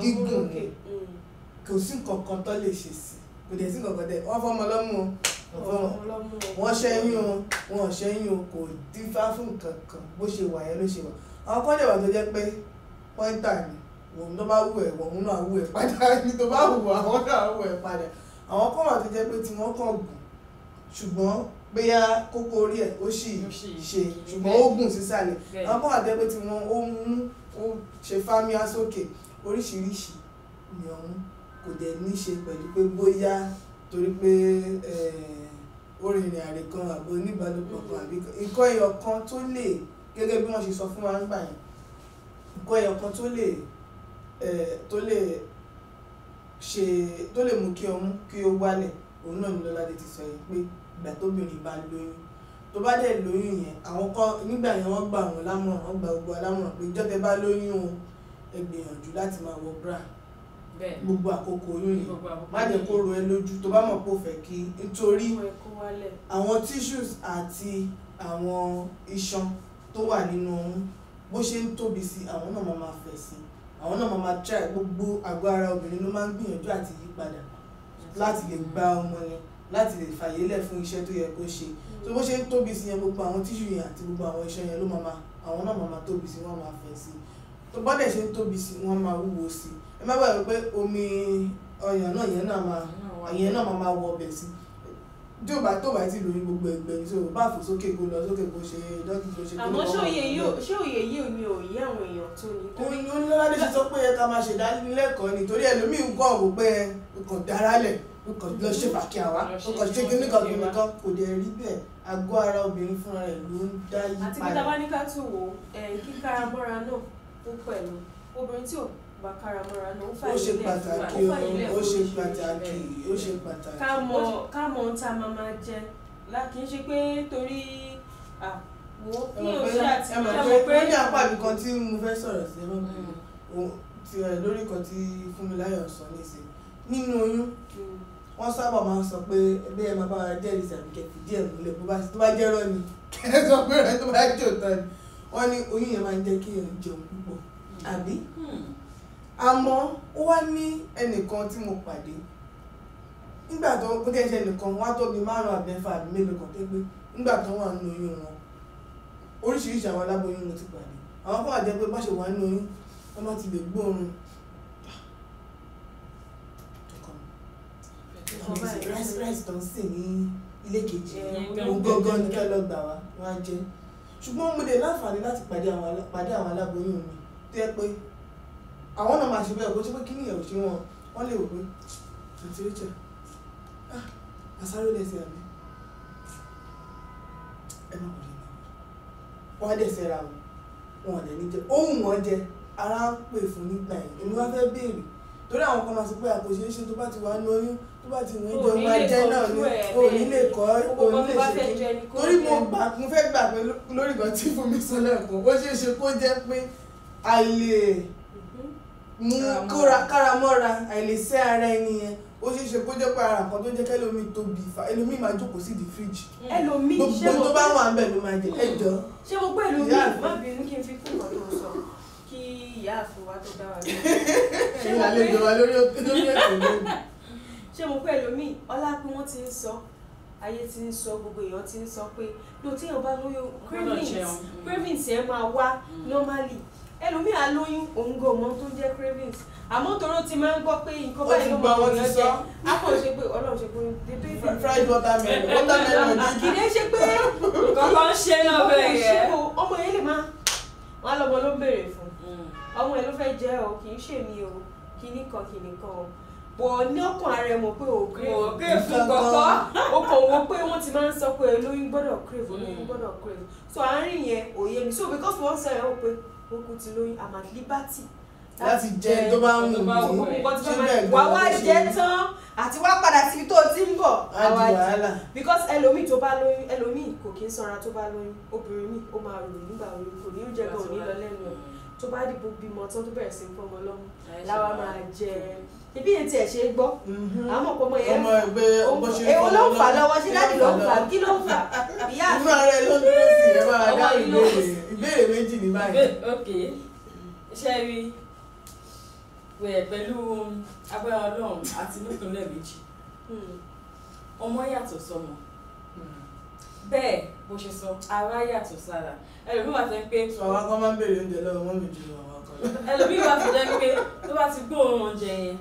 gígùn ni mm. kò sí nǹkan kan tó lè ṣe sí kò dẹ̀ sí nǹkan kan tẹ̀ wọ́n fọmọ lọ́mú o wọ́n ṣẹ́yún o wọ́n ṣẹ́yún o kò dífá fún nǹkan kan bó ṣe wà yẹn ló ṣe wà àwọn kan dẹ̀ wà tó jẹ́ pé pọ́ńtà ni òun tó bá wù ẹ̀ òun náà wù ẹ̀ padà ni tó bá wù àwọn náà wù ẹ̀ padà àwọn kan wà tó jẹ́ pé tí wọ́n kàn gùn ṣùgbọ́n bóyá kókó orí ẹ̀ ó sì ṣe ṣùgbọ́n ó gùn sísàlẹ̀ àwọn kan àtẹ́gbẹ́ tí wọ́n ó mú ó ṣe fámíà sókè oríṣiríṣi ni ọ̀hún kò dẹ̀ ní ṣe pẹ̀lú pé bóyá torí pé eh, ó rìnrìn àrè kan àbò oníbàdókọ̀ kan àbí ikọ́ ẹyọ kan tó lè gẹ́gẹ́ bí wọ́n ṣe sọ fún wa ń gbà yẹn ikọ́ ẹyọ kan tó lè eh, tó lè ṣe tó lè mú kí ọmú kí ó wálẹ̀ òun náà ni Lọ́ládé ti sọ yìí pé ìgbà tóbìnrin bá lóyún tó bá dẹ̀ lóyún yẹn àwọn kọ́ nígbà yẹn wọ́n gbà wọ́n lámọ̀ràn wọ́n gba gbogbo alámọ̀ràn pé jọ́tẹ́ bá lóyún o ẹ gbìyànjú láti máa wọ bra gbogbo àkókò oyún yìí má jẹ́ kó ro ẹ lójú tó bá mọ̀ pé ó fẹ́ kí nítorí àwọn tissues àti àwọn iṣan tó wà nínú ọmú bó ṣe ń tóbi sí àwọn náà máa fẹ̀ sí àwọn náà máa try gbogbo àgọ́ ara obìnrin ló máa ń gbìyànjú àti yípadà láti lè gba ọmọ yẹn láti lè fàyè lẹ̀ fún iṣẹ́ tó yẹ kó ṣe tó bó ṣe ń tóbi sí yẹn gbogbo àwọn tíṣù yẹn àti gbogbo àwọn iṣẹ́ yẹn ló máa àwọn náà máa tóbi sí wọ́n máa fẹ̀ sí tó bọ́dẹ̀ ṣe ń tóbi sí wọ́n máa wúwo sí ẹ má gbàgbé pé omi ọyàn náà yẹn náà máa àyẹn náà máa máa wọ ọbẹ̀ sí tí o bá tó bá ti lóyún gbogbo ẹgbẹ́ ní sọ̀rọ̀ bá fò sókè kó lọ sókè kó ṣe dọ́kì kó ṣe kó lọ́wọ́ àmọ́ ṣóòye yìí ò ní àwọn èèyàn tó ní. oyún ńlá lè ṣe sọ pé ẹ ká máa ṣèdánilẹ́kọ̀ọ́ nítorí ẹlòmíín gbọ́ òun pé ẹ kò dára lẹ̀ ó kàn lọ ṣe pàkí àwa ó ṣe kíní kan kíní kan kò dẹ̀ rí bẹ́ẹ̀ àgọ́ ara obìnrin fúnra rẹ̀ ló ń dá yí padà. àti bí tábà ní ká tún wo kíkára mọ́ra náà ó pẹ̀lú obìnrin tí ò bá kára mọ́ra náà ó fà ilé ẹ̀ fún wa ó ṣe pàtàkì ó ṣe pàtàkì. ká mọ ká mọ ohun tá a máa máa jẹ kì í ṣe pé torí wo ní oṣù àti ìjọba pé. wọ́n ní apá mi kan tí mo fẹ́ sọ̀rọ̀ sí mm. lórí kan tí Fúnmiláyọ̀ sọ nísìnyí nínú oyún wọ́n sábà máa ń sọ pé ẹgbẹ́ ẹ máa bá wa jẹ́rìí tàbí kẹfì díẹ̀ múlẹ̀ bó bá tó bá jẹ́ rọ́ ni ẹ sọ pé rẹ tó bá jò tán ni wọ́n ní oyún yẹn máa ń jẹ́ kí èèyàn jẹun púpọ̀ àbí hmm. àmọ́ ó wá ní ẹnìkan tí mo pàdé nígbà tó kó kẹ́ ṣe nìkan wá tóbi márùn àbí mẹ́fà àbí mélòó kan tó gbé nígbà tó wà nínú oyún wọn oríṣiríṣi àwọn aláboyún ló ti pàdé àwọn kan wà jẹ́ pé bá ṣe wà nínú oyún wọ́n má ti lè gbóòórùn ọkùnrin rice rice tó ń sè ní ilé kejì òun gangan ni ká lọ gbà wá wá jẹ ṣùgbọ́n mo lè láǹfààní láti pàdé àwọn aláboyún mi tó yẹ pé àwọn náà máa ṣe bẹ́ẹ̀ bó ṣe pé kí nìyẹn ò ṣe wọn wọ́n lè wò pé àti rachel ah àsáré lẹ́sẹ̀ àmì ẹ má wọlé náà wọ́n á dẹ̀ sẹ́ra wọn wọn ò dẹ̀ ní jẹ ohun wọn jẹ ara ń pè fún nígbà yẹn èmi wá fẹ́ béèrè torí àwọn kan máa sọ pé àkòṣe ṣe tó bá ti wà ní oyún tó bá ti wọ́n jọ máa jẹ́ náà ni o ò ní lè kọ́ o ò ní lè ṣe kí torí mo gbà mo fẹ́ gbà pé lórí kan tí fún mi sọ lẹ́ẹ̀kan ó ṣeé ṣe kó jẹ́ pé àìlè mú káramọ́ra àìlè sẹ́ ara ẹni yẹn ó ṣeé ṣe kó jẹ́ pé ara kan tó jẹ́ kẹ́lómi tóbi fa ẹlòmí máa jókòó sí di fíríjì mm. gbogbo tó bá wà ń bẹ̀ ló máa jẹ ẹjọ́. Mm. ṣé gbogbo ẹlòmí má bínú kí ìyá àfin wa tó dá wa lórí. ṣé àlejò wa lórí ètò lónìí. ṣé mo pẹ́ lómi ọlá pé wọ́n ti ń sọ ayé ti ń sọ gbogbo èèyàn ti ń sọ pé lò tí èèyàn bá lóyún cravings cravings yẹn máa wá normally ẹlòmíì alóyún òun gan mọ tó jẹ cravings àmọ́ tóró ti máa ń gbọ́ pé nǹkan báyìí ló máa ń jẹ akọ ṣe pé Ọlọ́run ṣe pé dédé ìfẹ́ fried watermelon watermelon ní. kì í ṣe pé nǹkan kan ṣe náà bẹ́ẹ̀ yẹn ọmọ yẹn lè máa wọn lọmọ ló ń béèrè fún mm. ọmọ ẹ ló fẹ́ jẹ o kì í ṣèmi o kìíní kan kìíní kan o bọ̀ ní ọkàn ara ẹ mọ̀ pé o crave o crave fún kọ̀ọ̀kan o kàn wọ́n pé wọ́n ti máa ń sọ pé olóyún gbọ́dọ̀ crave mm. olóyún gbọ́dọ̀ crave so àárín yẹn òye mi so because wọ́n sọ yẹn o pé o ti lóyún I'm at liberty láti jẹ tó bá ń wù mí síbẹ̀ wà wá jẹ tán àti wá padà síbi tó ti ń bọ̀ àwa jẹ because ẹlòmíì tó bá lóyún ẹlòmíì kò kí ń sanra tó bá lóyún obìnrin mi ó máa rò nígbà orí kò ní oúnjẹ kan ò ní lọ lẹ́nu ẹ̀ tó bá dìbò bímọ tán tó bẹ̀rẹ̀ sí ń fọmọ lọ́mú láwa máa jẹ ibi yẹn tiẹ̀ ṣe é gbọ́ mm-hmm. àmọ́ pọ̀ mọ́ yẹn èwo ló ń fà lọ́wọ́ ṣé láti ló fà kí ló ń fà ìyá àti. ìmọ̀ rẹ ló ń dúró sí ẹ máa dá ìbéèrè ìbéèrè méjì ní báyìí. ṣé rí pẹ̀lú agbára ọlọ́run àti nípínlẹ̀ méjì hmm. ọmọ yàtọ̀ sọmọ hmm. bẹ́ẹ̀ bó ṣe sọ ara yàtọ̀ sára ẹlòmíì wà fẹ́ pé. sọ àwọn kan máa ń béèrè oúnjẹ lọ́wọ́ wọn mi jù lọ àwọn kan. ẹlòmíì wà fẹ́ pé tó bá ti gbóòórùn oúnjẹ yẹn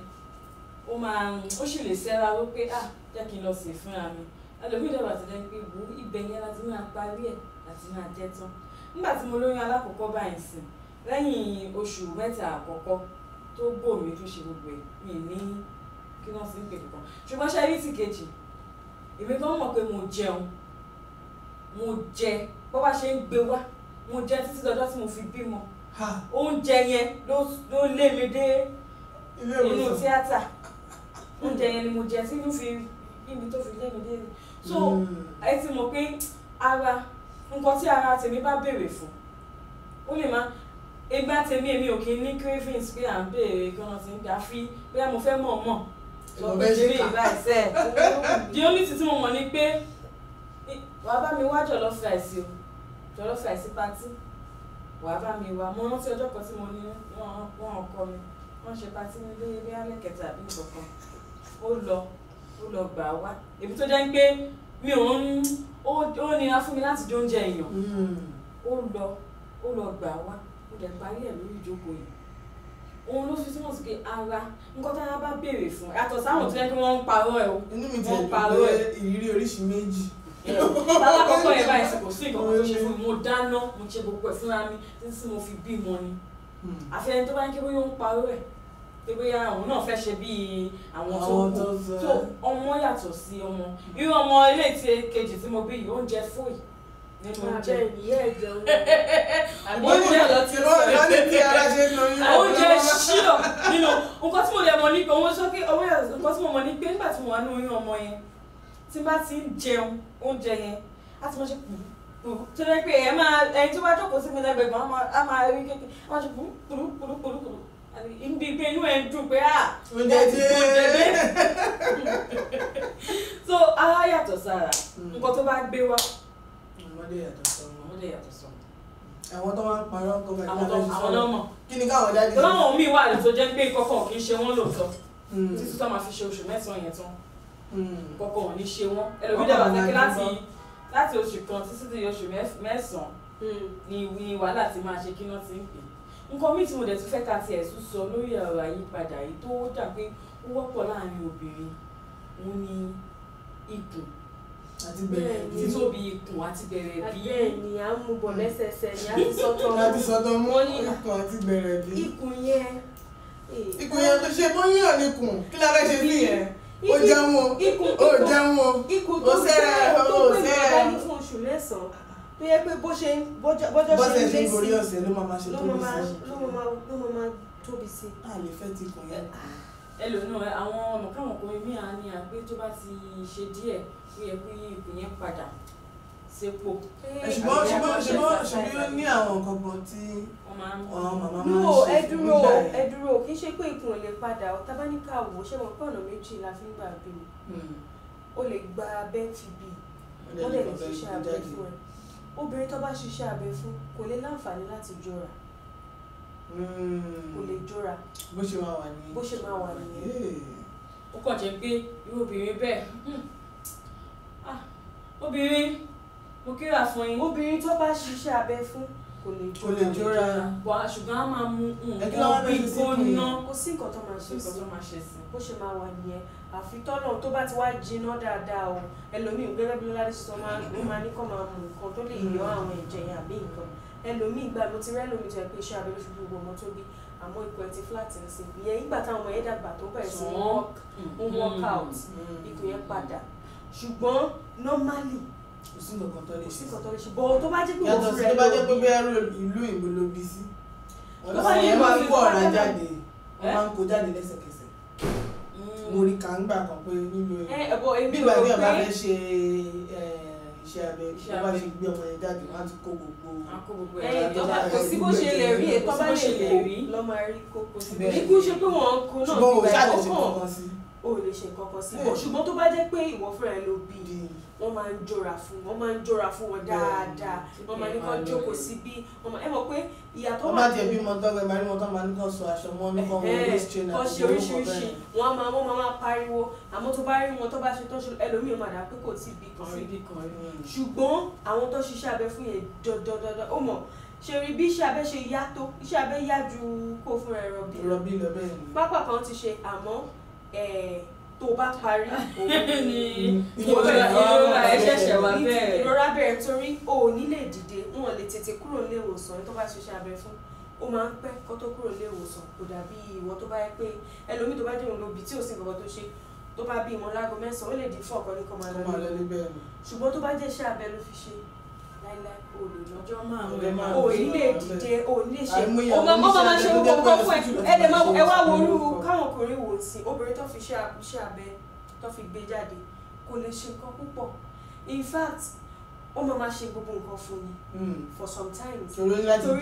ó máa ó sì lè sẹ́ra ló pé ah jẹ́ kí n lọ sè fúnra mi ẹlòmíì dàgbà ti dẹ́ pé wù ibẹ̀ yẹn láti máa parí ẹ̀ láti máa jẹ́ tán nígbà tí mo lóyún alákọ̀ọ́kọ́ báyìí sìn lẹ́yìn oṣù mẹ́ta àkọ́kọ́ tó bò mí tó ṣe gbogbo ẹ̀ mi ní kí wọ́n sì ń pè nìkan ṣùgbọ́n ṣe rí ti kejì èmi gan mọ̀ pé mo jẹun mo jẹ bó bá ṣe ń gbé wá mo jẹ títí dọjọ́ tí mo fi bímọ oúnjẹ yẹn ló lé mi dé inú tíátà oúnjẹ yẹn ni mo jẹ tí inú fi ibi tó fi lé mi dé so hmm. ẹ ti mọ̀ pé ara nǹkan tí ara tèmi bá béèrè fún ó lè má ìgbà tèmi èmi ò kì í ní cravings pé à ń béèrè gan-an ti ń ga fi bóyá mo fẹ́ mọ̀ mọ̀ tó bí ṣe bí ìgbà ìṣe the only thing tí mo mọ̀ ni pé wà á bá mi wá jollof rice o jollof rice pati wà á bá mi wá mo rántí ọjọ́ kan tí mo ní wọ́n ọkọ mi wọ́n ṣe pati ní ilé ilé alẹ́ kẹta àbí nǹkan ó lọ ó lọ gbà wá èmi tó jẹ́ pé mi ò ń ó nira fún mi láti jẹ oúnjẹ èèyàn hmm. ó lọ ó lọ gbà wá mo dẹ̀ parí ẹ̀ lórí ìjókòó yìí òun ló fi túmọ̀ sí pé ara nǹkan tára bá béèrè fún yàtọ̀ sáwọn tó yẹ kí wọ́n ń parọ́ ẹ̀ o inú mi ti ẹ̀ pé ìrírí oríṣi méjì bàbá kọ́kọ́ yẹn báyìí sì kò sí nǹkan tó ṣe fún mi mo dáná mo ṣe gbogbo ẹ̀ fúnra mi títí mo fi bímọ ni hmm. àfi ẹni tó bá ń ké bóyá ó ń parọ́ ẹ̀ pé bóyá òun náà fẹ́ ṣe bíi àwọn tó kù tó ọmọ yàtọ̀ sí ọmọ irú ọmọ ilé ìtì kejì tí mo bí yìí ó Ah, oúnjẹ ìyá ẹ̀jẹ̀ wọn. oúnjẹ lọtí ara ṣe ń lóyún. oúnjẹ ṣíọ nínú nǹkan tí mo lè mọ ní pé owó sókè owó nǹkan tí mo mọ ní pé nígbà tí mo wà ní oyún ọmọ yẹn tí bá ti ń jẹun oúnjẹ yẹn á ti máa ṣe pùrù tó lè pé ẹ máa ẹni tó bá jókòó sí mi lẹ́gbẹ̀gbọ́n á máa rí kékeré á máa ṣe pùrù pùrù pùrù pùrù pùrù ibi pé inú ẹ ń dùn pé ah oúnjẹ dé so ara yàtọ̀ sára hmm. nǹkan tó bá gbé wá ọmọdé yàtọ̀ sọ́mọ ọmọdé yàtọ̀ sọ́mọ. àwọn tó máa ń parọ́ gọ́ọ̀mẹ̀ntì àwọn tó àwọn náà mọ̀ kí ni káwọn jáde. tó láwọn míì wà tó jẹ́ pé kọ́kọ́ kì í ṣe wọ́n lóòótọ́ hmm. títí tó máa fi ṣe oṣù mẹ́sàn-án yẹn tán hmm. kọ́kọ́ ò ní ṣe wọ́n ẹlòmídàbà tẹ́kí láti láti oṣù kan títí di oṣù mẹ́sàn-án hmm. ni wàhálà ti máa ṣe kí wọ́n ti ń pè nǹkan míì tí mo dẹ̀ tún fẹ́ ka tiẹ̀ tún sọ lórí ọ̀rọ̀ àyípadà yìí tó dà pé ó wọ́pọ̀ láàrin obìnrin òun ni ikùn àti bẹ̀rẹ̀ bí títóbi ikùn àti bẹ̀rẹ̀ bí. bẹ́ẹ̀ ni à ń mú bọ̀ hmm. lẹ́sẹsẹ ni a ti sọ́tọ̀ mú. a ti sọ́tọ̀ mú ikùn àti bẹ̀rẹ̀ bí. ikùn yẹn. ikùn yẹn tó ṣe bóyá nìkùn kí lára ṣe bí yẹn ó jẹun o ó jẹun o ó sẹ́ra ó sẹ́ra. ikùn tó gbé fún oṣù mẹ́sàn-án tó yẹ pé bó ṣe bọ́jọ́ ṣe ń lé sí i ló máa ma tóbi sí i. ló máa ma tóbi sí i. a lè fẹ́ ti kùn yẹn. Ah ẹlòmíràn àwọn ọmọ káwọn ọkùnrin míì á ní àgbẹ̀ tó bá ti ṣe díẹ̀ ó yẹ kó yí ipò yẹn padà sepo. ṣùgbọ́n ṣùgbọ́n ṣùgbọ́n ṣùgbọ́n ní àwọn nǹkan kan tí àwọn màmá máa ń ṣe fún gbà ẹ dúró ẹ dúró kì í ṣe pé ipò ò lè padà ọ tábánikà wò ṣé mo pé ọ̀nà méjì la fi ń gbà bí mi o lè gba abẹ́ fi bì wọ́n lè lè ṣiṣẹ́ abẹ fún ẹ obìnrin tó bá ṣiṣẹ́ abẹ fún kò lè láǹfààní láti jọra. Hmm. kò lè jọra bó ṣe máa wà nìyẹn bó ṣe máa wà nìyẹn ó kàn jẹ́ pé irú obìnrin bẹ́ẹ̀ hmm. ah, obìnrin mo kíra fún yín. obìnrin tó bá ṣiṣẹ́ abẹ fún kò lè jọra ṣùgbọ́n a máa mu nǹkan gbígbóná kò sí nǹkan tó máa ṣe sí nǹkan tó máa ṣe sí bó ṣe máa wà nìyẹn àfi tọ́nà tó bá ti wá jiná dáadáa o ẹlòmíì gbẹ́gbẹ́ bí lọ́lá ti sọ máa ń ní kó máa mu nǹkan tó lè yọ àwọn ẹ̀jẹ̀ yẹn àbí nǹkan ẹlòmíì gbà mo ti rẹ́ lómi jẹ́ pé iṣẹ́ abẹ ló fi gbogbo ọmọ tó bí àmọ́ ikọ̀ ẹ̀ ti flat ń sìn ìyẹn ìgbà táwọn ọmọ yẹn dàgbà tó bẹ̀rẹ̀ sí ń mm-hmm. work out mm-hmm. ikọ̀ yẹn padà ṣùgbọ́n normally kò sí nǹkan tó lè ṣe kò sí nǹkan tó lè ṣe bọ́ọ̀ tó bá jẹ́ pé mo fún rẹ lóbi yàtọ̀ sí tó bá jẹ́ pé bẹ́ẹ̀ rò ìlú ìlú ló bí sí ọ̀nà ìyẹn máa eh? mm. mo rí kàńgbà kan pé nílò ẹ̀ eh, bí ìgbà tí ọba fẹ́ ṣe ẹ̀ eh, iṣẹ́ abẹ tó bá ti gbé ọmọ yẹn jáde wọ́n á ti kó gbogbo ẹ̀yìn tó bá kò sí bó ṣe lè rí ètò bá lè lè rí lọ́mọ rí kókó sí bẹ́ẹ̀ ikú ṣe pé wọ́n ń kó náà nígbà ìkókó o lè ṣe kọ́kọ́ sí bẹ́ẹ̀ ṣùgbọ́n tó bá jẹ́ pé ìwọ fúnra ẹ ló bí i wọ́n máa ń jọra fún wọ́n máa ń jọra fún wọn dáadáa wọ́n máa ní kó jókòó síbí wọ́n máa ẹ mọ̀ pé ìyàtọ̀ wà. wọ́n má jẹ bí mọ̀tọ́gbẹ́ máa ní wọn kọ́ máa ní kọ́ sọ aṣọ mọ́ ní kọ́ wọn waist trainer kọ́ ṣe oríṣiríṣi wọ́n máa wọ́n máa pariwo àmọ́ tó bá rí wọn tó bá ṣe tó ẹlòmíì máa dà pé kò tí bí kan rí ṣùgbọ́n àwọn tó ṣiṣẹ́ abẹ fún yẹn dandandandan ó mọ̀ ṣe rí bí iṣẹ́ abẹ ṣe yá tó iṣẹ́ abẹ yá ju kó fún ẹ rọbí. rọbí lọ bẹ́ẹ̀ ni. pápá kan ti ṣe àmọ́ ẹ̀ẹ́ tó bá parí òun ìrora ẹ ṣẹ̀ṣẹ̀ wá bẹ̀rẹ̀ ìrora bẹ̀rẹ̀ torí o ò ní lè dìde wọn lè tètè kúrò nílé ìwòsàn tó bá ṣiṣẹ́ abẹ fún ó máa ń pẹ́ kó tó kúrò nílé ìwòsàn kò dàbí ìwọ tó bá yẹ pé ẹlòmíì tó bá dé òun lóbi tí ò sí nǹkan tó ṣe tó bá bí ìmọ̀ láago mẹ́sàn-án ó lè dín fún ọ̀kan ní kó máa lọ níbẹ̀ ṣùgbọ́n tó bá jẹ́ iṣẹ́ abẹ ló fi ṣe o ilé ìdíje o ilé ṣe o máa máa máa ṣe gbogbo nǹkan fún ẹ ẹ lè máa ẹ wá worú káwọn ọkùnrin wò sí obìnrin tó fi iṣẹ́ abẹ tó fi gbé jáde kò lè ṣe nǹkan púpọ̀ in fact ó máa máa ṣe gbogbo nǹkan fún ni hmm. for some time torí láti tó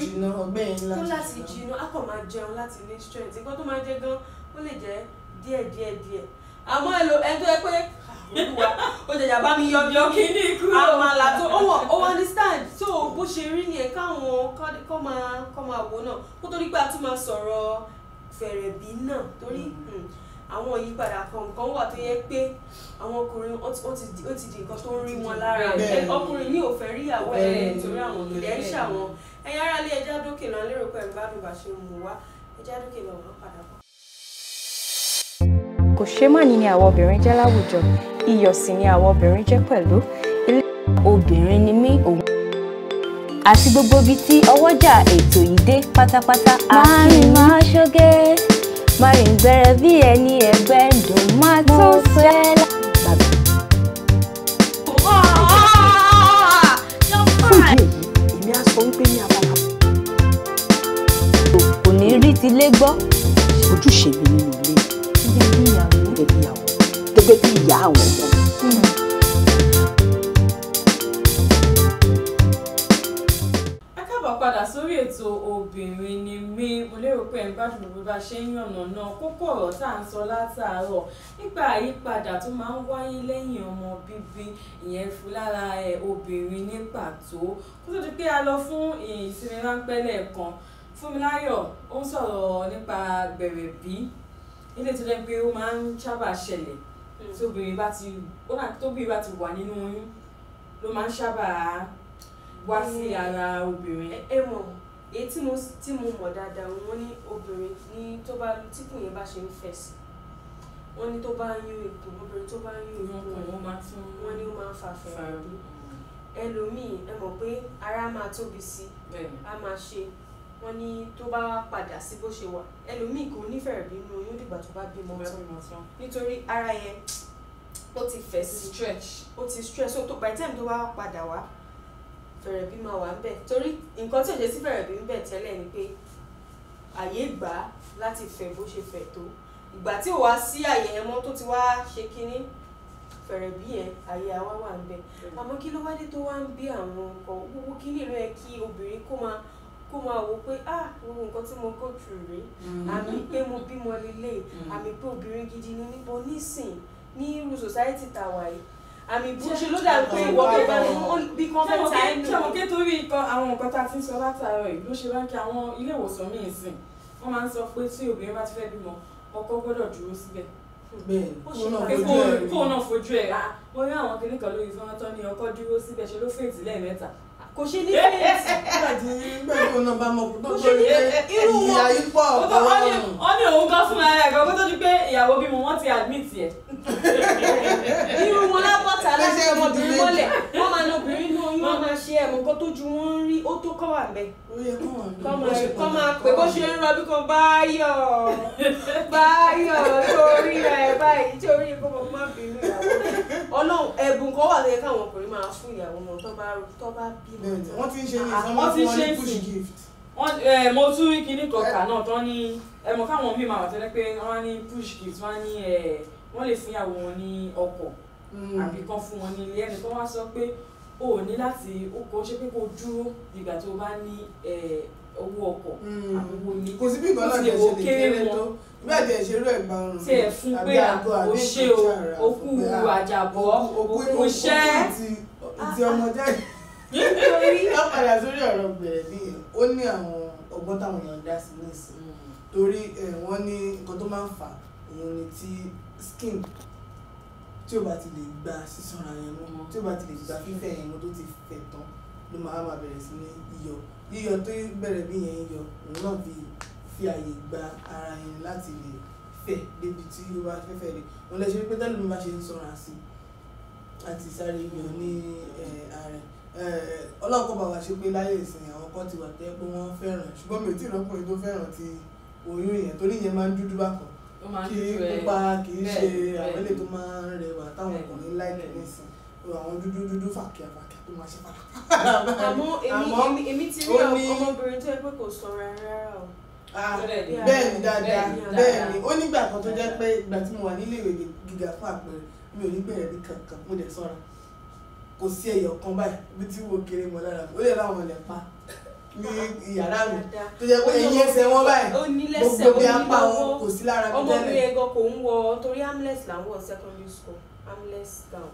láti jìnnà á máa jẹun láti ní strength nǹkan tó máa jẹ gan ó lè jẹ díẹ̀ díẹ̀ díẹ̀ àmọ́ ẹ lo ẹni tó yẹ pé ah, olúwa ó jẹjà bá mi yọjú kíní kúrò àmàlà tó ó wọ ó understand so bó ṣe rí ni ẹ káwọn kọ́ máa kọ́ máa wò náà kó tó nígbà tó máa sọ̀rọ̀ fẹ̀rẹ̀bí náà torí hmm. Hmm, àwọn ìyípadà kọ̀ọ̀kan wà tó yẹ pé àwọn ọkùnrin ó ti di nǹkan tó ń rí wọn lára ẹ̀ ọkùnrin ní òfẹ́ rí ìyàwó ẹ̀ nítorí àwọn òkèlè ń ṣàwọn ẹ̀yà aráalé ẹja dókè náà lérò pé ẹ̀ ń gbádùn bá ṣe mú wá ẹja dókè náà wọ́n padà bọ̀ kò ṣe má ní ni àwọn obìnrin jẹ́ láwùjọ iyọ̀ sì ni àwọn obìnrin jẹ́ pẹ̀lú ilé obìnrin ni mí òun. àti gbogbo ibi tí ọwọ́jà ètò yìí dé pátápátá. márùn máa ṣoge márùn gbẹrẹ bí ẹni ẹgbẹ́ ń máa tó sẹ́ lá. kò ní rí tilé gbọ́. ojúṣe mi nínú ilé gẹ́gẹ́ bí àwọn gẹ́gẹ́ bí ìyá àwọn ọmọ a kábọ̀ padà sórí ètò obìnrin ni mí mo lérò pé ẹ̀ ń gbádùn bí bá ṣe ń yànnà náà kókó ọ̀rọ̀ tá à ń sọ látàárọ̀ nípa àyípadà tó máa ń wáyé lẹ́yìn ọmọ bíbí ìyẹn fún lára obìnrin ní pàtó kó tó di pé a lọ fún ìsinmi ráńpẹ́ lẹ́ẹ̀kan Fúnmiláyọ̀ ó ń sọ̀rọ̀ nípa gbẹ̀rẹ̀ bí ilé tó jẹ́ pé ó máa ń sábà ṣẹlẹ̀ hmm. tóbìnrin bá ti ó náà tóbìnrin bá ti wà nínú oyún ló máa ń sábà wá sí hmm. ara obìnrin. ẹ mọ̀ èyí tí mo tí mo mọ̀ dáadáa wọ́n ní obìnrin ní tó bá tíkùn yẹn bá ṣe ń fẹ̀ sí ní tó bá ń yún ikùn obìnrin tó bá ń yún ikùn wọ́n ní ó máa ń fa fẹ̀rẹ̀ ẹlòmíì ẹ mọ̀ pé ara máa tóbi sí a máa ṣe wọ́n ní tó bá padà sí bó ṣe wà ẹlòmíì kò nífẹ̀ẹ́ bínú oyún dìgbà tó bá bímọ tán nítorí ara yẹn ó ti fẹ̀ sí stretch ó ti stress so by the time tó bá padà wá fẹ̀rẹ̀ bí máa wà ń bẹ̀ torí nǹkan tí òjò sí fẹ̀rẹ̀ bí ń bẹ̀ tẹ́lẹ̀ ni pé àyè gbà á láti fẹ̀ bó ṣe fẹ̀ tó ìgbà tí ò wá sí àyè ẹ̀ mọ́ tó ti wá ṣe kínní fẹ̀rẹ̀ bí ẹ̀ àyè àwa wà ń bẹ̀ mm. àmọ́ kí ló wá dé tó wá ń bí àwọn nǹkan gbogbo kínní ló yẹ kí obìnrin kó máa kó máa wò pé ah gbogbo nǹkan tí mo go through rèé mm-hmm. àmì pé mo bímọ lélẹ̀ mm-hmm. àmì pé obìnrin gidi ni níbo nísìn ní irú society tá wà yìí àmì bó ṣe ló dàbí pé ìwọ pé bí kan fẹ́ ta ẹnu. ṣé mo ké torí nǹkan àwọn nǹkan tá a ti ń sọ látàárọ̀ yìí ló ṣe wá kí àwọn ilé ìwòsàn míì sìn wọ́n máa ń sọ pé tí obìnrin bá ti fẹ́ bímọ ọkọ gbọ́dọ̀ dúró síbẹ̀ bẹ́ẹ̀ kó náà fojú ẹ̀ mo rí àwọn kìnnìkan lórí fún wọn tán ní ọkọ dúró síbẹ̀ ṣe ló fèèntì lẹ́ẹ̀mẹ́ta kò ṣe ní fẹ́ẹ̀sì. gbàdí gbẹ̀gbọ́n náà bá mọ̀ kó tó gbé irú wọn ìyá yìí pọ̀ ọ̀rọ̀ nù. ó ní òun gan fún ara ẹ̀gbọ́n kó tó di pé ìyàwó bímọ wọ́n ti admit yẹ. irú wọn lápọ̀tà láti ọmọ obìnrin mọ́lẹ̀ wọ́n máa na obìnrin náà yín wọ́n máa ṣe ẹ̀mọ́ kó tó ju wọ́n rí ó tó kọ́ wà mẹ́. kọ́ máa pè bó ṣe ń rọbí kan báyọ̀ báyọ̀ torí ẹ̀ báyìí torí kó mọ̀ má bínú ìyàwó ọlọ́run ẹ̀bùn kan wà lóye káwọn ọkùnrin máa fún ìyàwó wọn tó bá bímọ wọ́n ti ń ṣe ní ah, ìsọmọ́ fún wọn ní push gift. Eh, mo tún rí kinní kan eh. kà náà tán ní ẹmọ káwọn míì máa wà tẹ́lẹ̀ pé wọ́n ní push gift wọ́n ní eh, wọ́n lè fúnyàwó wọn ní ọkọ̀ hmm. àbí kan fún wọn ní ilé ẹni tó wá sọ pé o ò ní láti o kò ṣe pé kó dúró ìgbà tó o bá ní owó ọkọ̀ hmm. àbí owó ilé kò sí bí ìgbà náà ṣe lè kéré tó bí àjẹ ìṣerú ẹ̀gbà ọ̀run tí ẹ̀ fún pé o ṣe o okú àjàbọ̀ okú iṣẹ́ ti ọmọ jáde nítorí ọ̀padà sórí ọ̀rọ̀ gbẹ̀rẹ̀ bí ó ní àwọn ọgbọ́n táwọn èèyàn dá sí nísìnyí hmm. torí eh, wọ́n ní nǹkan tó máa ń fà òun ni ti skin tí o bá ti lè gba sísanra yẹn mú hmm. tí o bá ti lè gba fífẹ̀ yẹn mú tó ti fẹ̀ tán ló máa máa bẹ̀rẹ̀ sí ní yíyọ yíyọ tó bẹ̀rẹ̀ bí yẹn yọ òun náà fi fi àyè gba ara yẹn láti lè fẹ̀ débi tí o bá fẹ́fẹ́ rẹ̀ òun lè ṣe pé tẹ́lẹ̀ mi bá ṣe ń sanra sí i àti sáré yọ ní eh, ààrẹ Eh, ọlọ́run kò bá wa ṣe pé láyé ìsìn àwọn kan ti wà tẹ́ pé wọ́n fẹ́ràn ṣùgbọ́n mi ò tí ì rọ́kùnrin tó fẹ́ràn ti oyún yẹn torí yẹn máa ń dúdú bákan kì í eh, pupa kì í ṣe àwọn ilé tó máa ń rẹwà táwọn ọkùnrin láìpẹ́ nísìn àwọn dúdú dúdú fàkíà fàkíà tó máa ṣe fàlàfàlà. àmọ́ èmi ti rí ọmọbìnrin tó yẹ pé kò sọ̀rọ̀ rárá o ah, bẹ́ẹ̀ dáadáa bẹ́ẹ̀ ó nígbà kan tó jẹ́ pé ìgbà tí mo wà nílé ìwé gíga fún àpẹẹrẹ mi ò ní bẹ̀rẹ̀ ní kankan mo dẹ̀ sọ́ra kò sí ẹyọ kan báyìí bí tí wo kéré mọ lára ó lè láwọn ọlẹ pa ní yàrá mi tó jẹ pé ẹyin ẹsẹ̀ wọn báyìí gbogbo bí apá wọn kò sí lára mi tẹ́lẹ̀. ọmọ mi ẹgọ kò ń wọ torí amles là ń wọ secondary school amles gown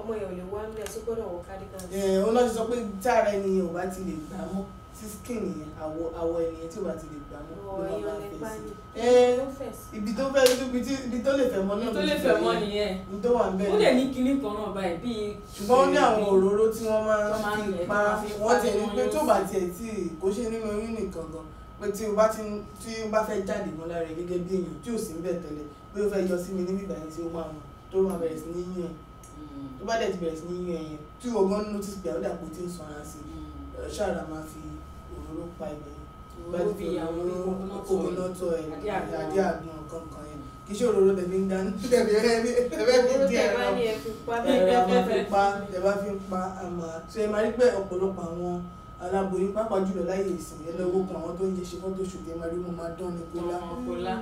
ọmọ yẹn ò lè wọ amles ó gbọ́dọ̀ wọ cardigan. ẹ ọ náà ti sọ pé tí ara ẹni ò bá ti lè gbà mọ́ tí skin yẹn àwọ̀ àwọ̀ ẹnìyẹn tí wàá ti lè gbà mọ́ ló máa máa fèsì. ẹ ibi tó fẹ́ ibi tó lè fẹ́ mọ́ náà ló ti fẹ́ mọ́ nìyẹn ní tó wà bẹ́ẹ̀. ó lè ní kinní kan náà báyìí bíi. ṣùgbọ́n ó ní àwọn òróró tí wọ́n máa ń fi pa wọ́n tẹ̀ ní pé tó bá tiẹ̀ tí kò ṣe nínú oyún nìkan gan pé tí o bá ti tí o bá fẹ́ jáde mọ́ lára gẹ́gẹ́ bí èèyàn tí ò sí ń bẹ̀ tẹ́lẹ̀ pé o fẹ́ yọ sí mi níbi ìbàyẹn tí o máa mọ̀ tó máa bẹ̀rẹ̀ sí ní yún ẹ̀ tó bá dẹ̀ ti bẹ̀rẹ̀ sí ní yún ẹ̀ yẹn tí o gbọ́n notice pé àwọn dàpọ̀ ń sọ ara sí hmm. ṣáà máa fi òun ló pa ẹ̀mí gbàdúgbò ìyàwó kòmínátọ ẹ àdé àgbọn kankan yẹn kì í ṣe òróró tẹ̀mí ń dání tẹ̀mí ẹ̀mí ẹ̀mí díẹ̀ náà ẹ̀rọ máa fi pa ẹ̀ bá fi pa àmọ́ àti ẹ̀ máa rí pé ọ̀pọ̀lọpọ̀ àwọn aláboyún pápá jùlọ láyé ìsìn yẹn lọ́wọ́ kan àwọn tó ń jẹ fọ́tò ṣùgbọ́n máa rí wọn máa dán ní kólá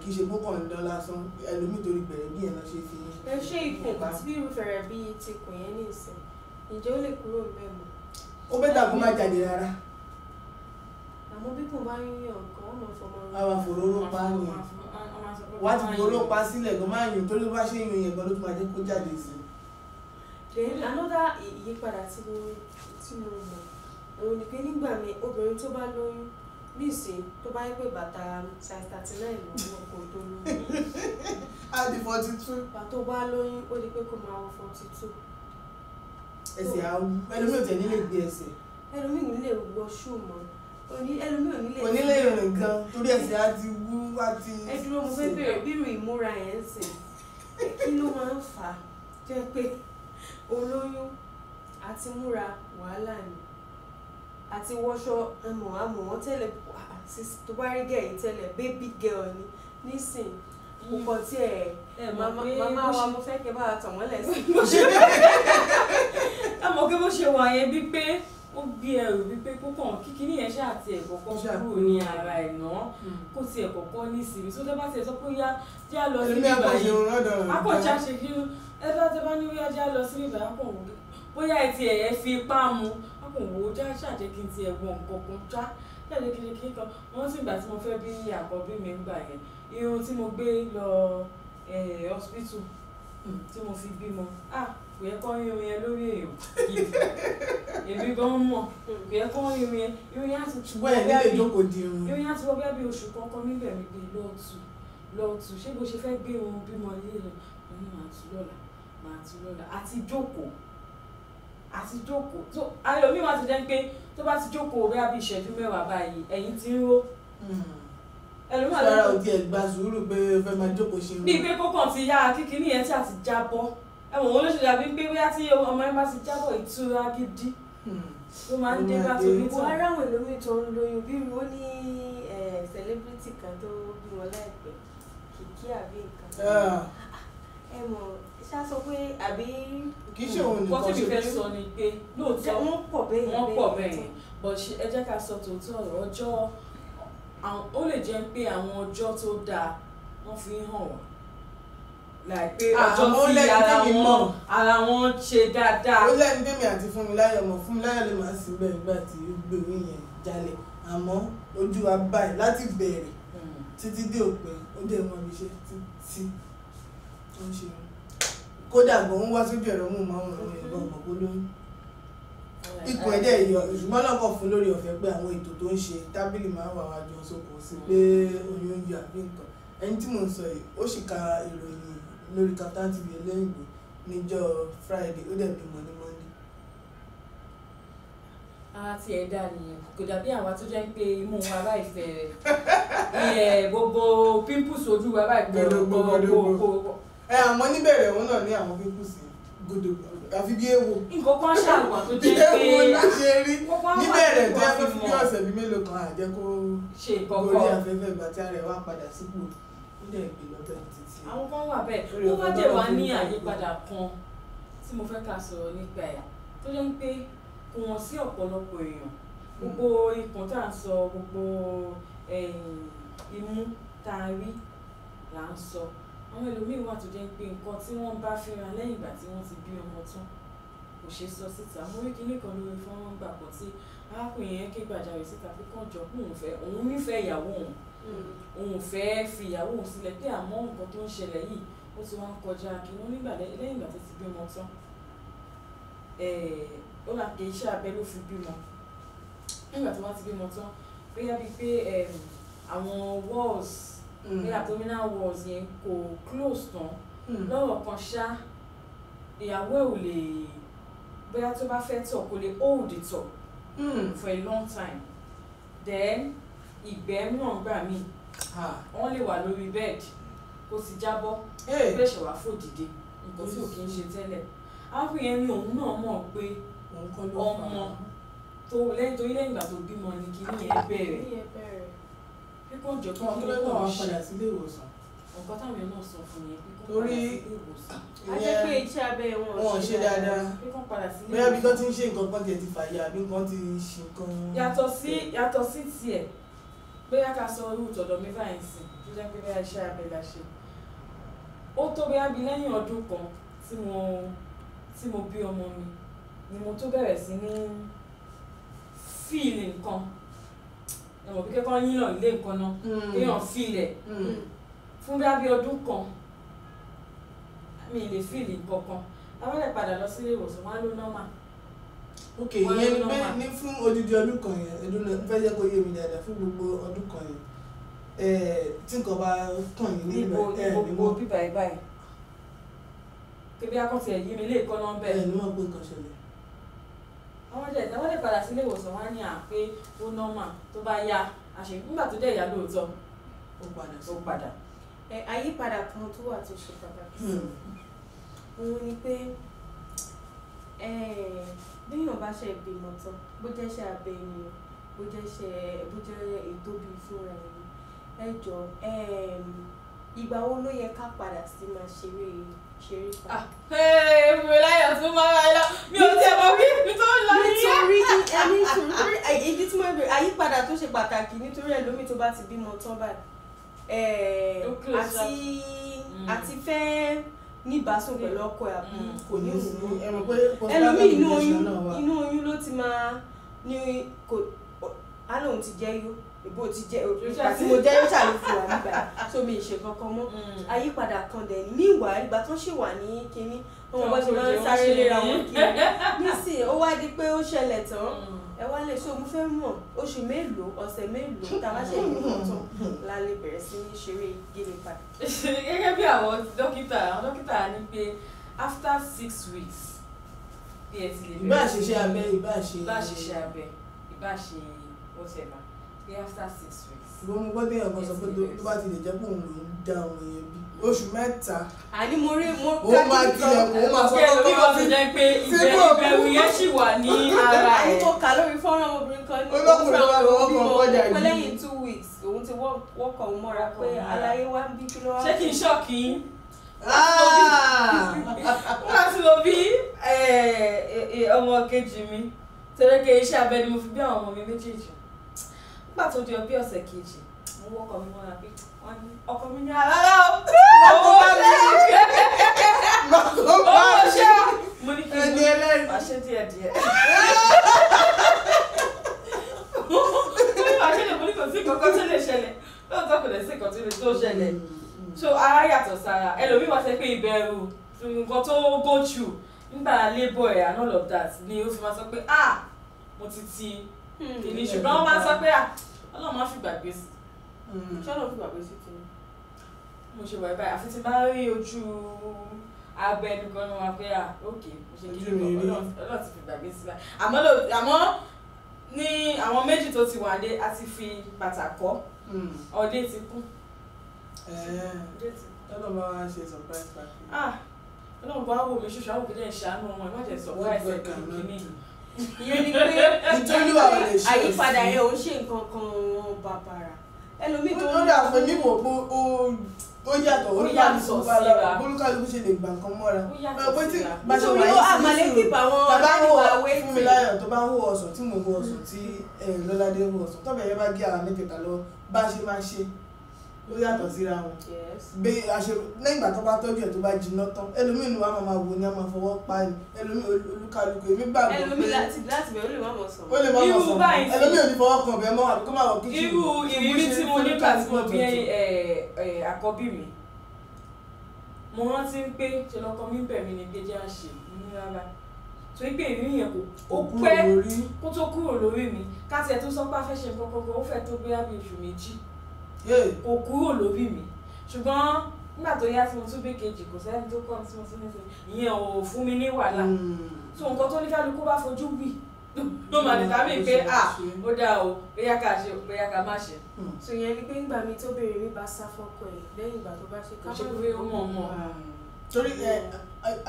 kì í ṣe bókàn ń dán lásán ẹlòmíì torí bẹ̀rẹ̀ bí ẹ̀ náà ṣe fi. ẹ ṣe ikùn tí irúfẹ́ rẹ̀ bíi ti kùn yẹn ní ìsìn ǹjẹ́ ó lè kúrò bẹ́ẹ̀ mọ́. ó bẹ́ẹ̀ tàbí má jáde rárá àmọ́ bí kò bá ń yàn nǹkan ó máa fọmọ rẹ. àwọn àfòróró pa á yàn wá ti fòróró pa sílẹ̀ gan máa yàn torí bá ṣe yàn yẹn gan ló tún máa jẹ́ kó jáde sí i. then another ìyípadà tí mo tí mo mọ̀ òun ni pé nígbà mi obìnrin tó bá lóyún nísìn tó bá yẹ pé bàtà size thirty nine lòun ọkọ̀ tó lóyún. a di forty two. bàtà tó bá lóyún ó di pé kó máa wọ forty two. ẹsẹ̀ àwọn ẹlòmíràn tẹ̀ nílé gbé ẹsẹ̀. ẹlòmíràn nílé wọ ṣùgbọ́n ẹlòmíì ò nílé onílé ìrìn gan torí ẹsẹ̀ á ti wú á ti. ẹ dúró mo fẹ́ bèrè bírù ìmúra ẹ̀ ń sìn kí ló máa ń fà á jẹ́ pé olóyún àti múra wàhálà ni àti wọṣọ ẹmọ àmọ tẹ́lẹ̀ tó bá rí gẹ yìí tẹ́lẹ̀ baby girl ni nísìn kókó tí ẹ màmá wa mo fẹ́ kẹ́ bá a wọ́n lẹ̀ sí. ẹ mọ̀ pé bó ṣe wà yẹn bíi pé ó gbé ẹrù wípé kókàn kíkiní yẹn ṣáà ti ẹ̀ kọ́kọ́ kúrò ní ara ẹ̀ náà kó ti ẹ̀ kọ́kọ́ ní ìsinmi tó dábàá ti ẹ̀ sọ pé yá já lọ sí ibà yìí akọ̀já ṣe kí ẹ bá tẹ bá ní yá à lọ sí ibà yà kàn bóyá ẹ ti ẹ̀ fi ipá mu a kàn wò ó já ṣàjẹ́ kí n ti ẹ̀ wọ̀ nǹkan kan já ṣàjẹ́ kí n kí n kan wọ́n sì gbà tí mo fẹ́ bí àkọ́bí mi ń gbà yẹn irun tí mo gbé lọ hospital hmm. tí mo fi ah kò yẹ kó yẹn lórí èèyàn èmi gan mọ̀ kò yẹ kó yẹn irun yẹn á ti wọ bẹ́ẹ̀ bí irun yẹn á ti wọ bẹ́ẹ̀ bí oṣù kankan níbẹ̀ mi gbé lọ́ọ̀tù lọ́ọ̀tù ṣé bó ṣe fẹ́ gbé ohun bímọ yìí lọ mo màá tún lọ́la màá tún lọ́la àti jókòó àti jókòó ayọ̀ mi wá ti dẹ́n pé tó bá ti jókòó bẹ́ẹ̀ bí ìṣẹ́jú mẹ́wàá báyìí ẹ̀yìn ti ń ró ẹlòmíràn lọ́wọ́ sọ́ra ẹ̀ gba sùúrù pé fẹ́ máa jókòó ṣe ń ró bíi pé kókàn ti yára kíkiní yẹn tí a ti já bọ́ ẹ̀wọ̀n wọn ló ṣe dàbí pé bóyá tí ọmọ yẹn bá ti jábọ̀ ìtura gidi ló hmm. máa ń dé bá torí tó. wọ́n aráwọ̀ lómi tó ń lóyún bí wọ́n ní celebrity kan tó bímọ láìpẹ́ kìkì àbí nǹkan. Ah. Ah, ẹ mọ̀ ṣá sọ pé àbí. kì í ṣe òun nìkan ṣe pé sọ ni pé lóòótọ́ wọ́n pọ̀ bẹ́ẹ̀ wọ́n pọ̀ bẹ́ẹ̀ bọ̀ ẹ jẹ́ ká sọ tòótọ́ ọ̀rọ̀ ọjọ́ ó lè jẹ́ pé àwọn ọjọ́ tó dáa wọ́n fi ń hàn wá láìpé ah, ọjọ́ sí ara wọn ara wọn ṣe dáadáa. ó lẹ́nu tèmi àti Fúnmiláyọ̀ mọ̀ Fúnmiláyọ̀ lè máa sí bẹ́ẹ̀ nígbà tí ó gbé orí yẹn jalè àmọ́ ojú wa báyìí láti bẹ̀rẹ̀ hmm. títí dé òpin ó dẹ̀ mọ́ mi ṣe títí ó ń ṣe kódà gan ń wá sójú ẹ̀rọ mú màmú ọ̀rọ̀ ẹ̀rọ ọ̀gbọ̀n kó lóyún ikùn ẹ̀dẹ̀ yọ ṣùgbọ́n náà kàn fún lórí ọ̀fẹ́ pé àwọn ètò tó ń ṣe tábìlì máa ń wà wájú ọ̀sọ̀kọ̀ sí pé oyún ń yọ àbí nǹkan ẹni tí mò ń sọ yìí ó sì ka ìròyìn lórí Kaftan TV olóyìnbó níjọ́ Friday ó dẹ̀ bímọ ní Monday. ara ti ẹ̀ dá nìyẹn kò dàbí àwa tó jẹ́ pé imú wa bá ìfẹ́ rẹ̀ gbogbo pimples ojú wa bá ìgbẹ́ gbogbo. ẹ àmọ́ níbẹ̀rẹ̀ òun náà ní àwọn pimples yẹn gbogbo àfi bí ewo. nǹkan kan ṣàlùwà tó jẹ́ pé bí ewo ló ṣe rí níbẹ̀rẹ̀ tó yẹ kó fi bí ọ̀sẹ̀ bíi mélòó kan àjẹ́ kó gorí afẹ́fẹ́ ìgbà tí ara ẹ̀ wá padà sípò ó dẹ̀ gbé lọ́bẹ̀ tí àwọn kan wà bẹ́ẹ̀ tó bá jẹ́ wá ní àyípadà kan tí mo fẹ́ ká sọ̀rọ̀ nípa ẹ̀ tó jẹ́ ń pé kò wọ́n sí ọ̀pọ̀lọpọ̀ èèyàn gbogbo ikùn tá à ń sọ gbogbo imú tá a rí là ń sọ àwọn ẹlòmíín wà tó jẹ́ ń pé nǹkan tí wọ́n bá fẹ́ra lẹ́yìn ìgbà tí wọ́n ti bí ọmọ tán kò ṣe sọ síta mo rí kinní kan lórí fọ́nrán gbàgbọ́ tí arákùnrin yẹn ké gbàjarè síta pé kàn jọ pé òun fẹ́ òun nífẹ̀ẹ́ ìyàwó Mm. òun ò fẹ́ fi ìyàwó òun sílẹ̀ pé àmọ́ nǹkan tó ń ṣẹlẹ̀ yìí ó ti wá ń kọjá kínní nígbà lẹ́yìn ìgbà tó ti bímọ tán ó rà pé iṣẹ́ abẹ ló fi bímọ nígbà tó wá ti bímọ tán bóyá bíi pé àwọn walls ní mm. abdominal walls yẹn kò close tán mm. lọ́rọ̀ kan ṣá ìyàwó ẹ̀ ò lè bóyá tó bá fẹ́ tọ̀ kò lè hold it up for a long time then ìgbẹ́ náà gbà mí wọ́n lè wà lórí bẹ́ẹ̀dì kó ti jábọ́ bẹ́ẹ̀ ṣe wá fò dìde nǹkan tí ò kí ń ṣe tẹ́lẹ̀ áfíyẹn ni òun náà mọ̀ pé ọmọ tó lẹ́yìn tó lẹ́yìn ìgbà tó bímọ ni kí ní ẹ bẹ̀rẹ̀ pé kò jẹ́ kó kí ló wà padà sílé ìwòsàn ọ̀kan táwọn náà sọ fún yẹn pé kó padà sílé ìwòsàn a jẹ́ pé iṣẹ́ abẹ wọn ò ṣe dáadáa pé kó padà sílé ìwòsàn bóyá bí wọ́n ti ń ṣe nǹkan kan tiẹ̀ ti fàyà bí wọ́n ti ń ṣe nǹkan. yàtọ̀ sí yàtọ̀ sí tiẹ̀ bóyá ká sọ irú tọ̀dọ̀ mi báyìí sí tó jẹ́ pé bóyá iṣẹ́ abẹ la ṣe ó tó bóyá bíi lẹ́yìn ọdún kan tí mo tí mo bí ọmọ mi ni mo tó bẹ̀rẹ̀ sí ní fíìlì nǹkan ẹ mọ̀ bí kẹ́kọ́ yín náà ilé nǹkan náà hmm. kéèyàn fíìlì ẹ̀ hmm. fún bóyá bíi ọdún kan mi lè fíìlì nǹkan kan abẹ́rẹ́ padà lọ sílé ìwòsàn wọn á ló nọ́mà ok ìyẹn ni bẹ́ẹ̀ ní fún odidi ọdún kan yẹn ọdún náà fẹ́ jẹ́ kó yé mi dáadáa fún gbogbo ọdún kan yẹn tí nǹkan bá kàn yín ní ìgbà ẹ̀ ní mọ́ bíbá ẹ̀ báyìí kébí akọ́tì ẹ̀yí mi lè kọ́ náà bẹ́ẹ̀. ẹ̀ ní wọ́n gbé nǹkan ṣẹlẹ̀. àwọn jẹ̀ ìtàwọ́n lè padà sílé ìwòsàn wá ní àpé ó nọ́mà tó bá yá àṣẹ nígbà tó dẹ̀ yá lóòótọ́ ó padà ó padà. ẹ àyípadà kan tó wà tó ṣe pàtàkì hmm. òun ni pé béèyàn bá ṣe ìbímọ tán bó jẹ́ ṣe abẹ ènìyàn bó jẹ́ ṣe bó jẹ́ ìtóbi fúnra ẹni ẹ jọ ìgbà wo ló yẹ ká padà sí máa ṣeré ṣeré pa. Ah, mo láyọ̀ tó máa ra lọ mi ò tẹ̀ mọ́ bí mi tó ń lọ nítorí ẹni nítorí èyí tí mo bẹ̀rẹ̀ àyípadà tó ṣe pàtàkì nítorí ẹlòmíì tó bá ti bímọ tán báyìí àti mm. àti fẹ́ẹ́ níbàásùn mm. pẹ̀lú ọkọ ẹ̀ àbí mm. kò ní wù ú ẹlòmíì inú oyún inú oyún ló ti máa ní kò alóhùn ti jẹ́ yó ìbò ti jẹ́ pàtí mo jẹ́ yó ṣàlù fún wa nígbà tó mi ìṣe kankan mọ́ mm. àyípadà kan dẹ̀ ní ìwà ìgbà tó ṣì wà ní kínní wọn bá ṣe máa ń sáré léra wọn kiri nísìnyí ó wá di pé ó ṣẹlẹ̀ tán ẹ wá lè ṣe òun fẹ́ mọ̀ oṣù mélòó ọ̀sẹ̀ mélòó tá a bá ṣe ìlú ọ̀tún la lè bẹ̀rẹ̀ sí ní ṣeré gíní padà. gẹ́gẹ́ bí àwọn dókítà àwọn dókítà ní pé after six weeks bí ẹ ti lè bẹ̀rẹ̀ ìbá àṣìṣe abẹ ìbá àṣe ìbá àṣìṣe abẹ ìbá àṣe whatever bí after six weeks. ìwọ mo gbọ́ sọ pé tó bá ti lè jẹ́ pé òun lòún dá òun yẹn bí oṣù mẹ́ta. àní mo rí mo kájú sọ ó máa sọ pé ó ti jẹ pé ìbẹ̀rù yẹn ṣì wà ní ara ẹ̀. àyíkó kà lórí fọ́nrán ọmọbìnrin kan ní olókùnrin wa lọ́wọ́ kan kọjá yìí. lẹ́yìn two weeks òun ti wọ́kọ̀ òun mọ́ra pé aláyé wa ń bí kí ló wá. ṣé kì í ṣọ́ọ̀kì? wọ́n ah! á ti lọ bí eh, eh, eh, ọmọ kejì mi tẹ́lẹ̀ kí iṣẹ́ abẹ ni mo fi bí àwọn ọmọ mi méjèèjì nígbà tó di ọbí ọ̀sẹ̀ kejì mo wọ́kọ̀ mi mọ́ra pé ọkọ mi ní ara mo bá mi mo kò bá mi mo ní kí n ní ẹlẹ́rìí máa ṣe díẹ̀ díẹ̀. kọ́kọ́ tó lè ṣẹlẹ̀ lóòótọ́ kò lè sí nǹkan tó ṣẹlẹ̀ so ara yàtọ̀ sára ẹlòmíì wá sẹ pé ìbẹ̀rù nǹkan tó go through nígbà labour ẹ̀ and all of that ni ó fi máa sọ pé ah mo ti ti kìíní ṣùgbọ́n wọ́n máa sọ pé ah ọlọ́run máa fi gbàgbé sí hmm. ṣé ọlọ́run fi gbàgbé sí ti mo ṣe wà báyìí àfi tí bá rí ojú abẹnugan ni wọn pé à òkè mo ṣe kí ni ọlọ́run ti fi gbàgbé síbẹ̀ àmọ́ ní àwọn méjì tó ti wà lé a ti fi bàtà kọ́ hmm. ọdẹ ti kú. ọlọ́run bá wá ṣe surprise party. ọlọ́run bá wò mí ṣoṣo àwọn òbí náà ṣàánú ọmọ ẹ̀ má jẹ́ surprise ẹ̀ kìíní ìyẹn ni pé ìtọ́jú àwọn àyípadà yẹn ò ń ṣe nǹkan kan bàbàrà ẹlòmíì tó ń lò ó. ó dà fún mi ó yàtọ̀ ó yàtọ̀ síra olúkàlùkù ṣe lè gbà nǹkan mọ́ra pé tí bàṣẹ wà yìí sí bàbá ń wọ fún mi láyọ̀ tó bá ń wọ ọ̀sán tí mo wọ ọ̀sán tí lọ́ládé ń wọ ọ̀sán tọ́bẹ̀ yẹn bá gé àwọn mẹ́tẹ̀ẹ̀ta lọ bá ṣe máa ṣe ló yàtọ̀ síra wọn bí àṣẹ lẹ́yìn ìgbà tó bá tọ́jú ẹ̀ tó bá jiná tán ẹlòmíín ni wàá máa wò ní a máa fọwọ́ pa ni ẹlòmíín olúkálùkù èmi gbàgbọ́ pé ẹlòmíín láti láti bẹ̀rẹ̀ ó lè má mọ̀ sàn ó lè má mọ̀ sàn ẹlòmíín ò ní fọwọ́ kan ọ̀bẹ mọ́ àbí kó má wọ kíkì irú ìrírí tí mo nígbà tí mo bí àkọ́bí mi mo rántí pé ṣe lọkọ mi bẹ̀ mí ni pé àṣẹ ní rárá torí pé ìrírí yẹn kò ó pẹ́ kó tó kúrò lórí mi ká tiẹ̀ tó sọ pé afẹ́ṣe kọ́kọ́kọ́ ó fẹ́ tó bí ábí oṣù méjì o kúrò lórí mi ṣùgbọ́n nígbà tó yá tí mo tún bí kejì kò sẹ́ni tó kọ́ tí mo tún ní sẹ́ni ìyẹn ò fún mi ní wàhálà hmm. so nǹkan tó ní kálukú bá fojú wì ló máa hmm. nìta mí pé à ah, ó dáa o bóyá ká ṣe bóyá ká má ṣe. Hmm. so ìyẹn ni pé ńgbà mi tó béèrè mi bá sá fọ́kọ ẹ̀ lẹ́yìn ìgbà tó bá ṣe ká ṣe pé ó mọ̀ mọ̀. torí eh,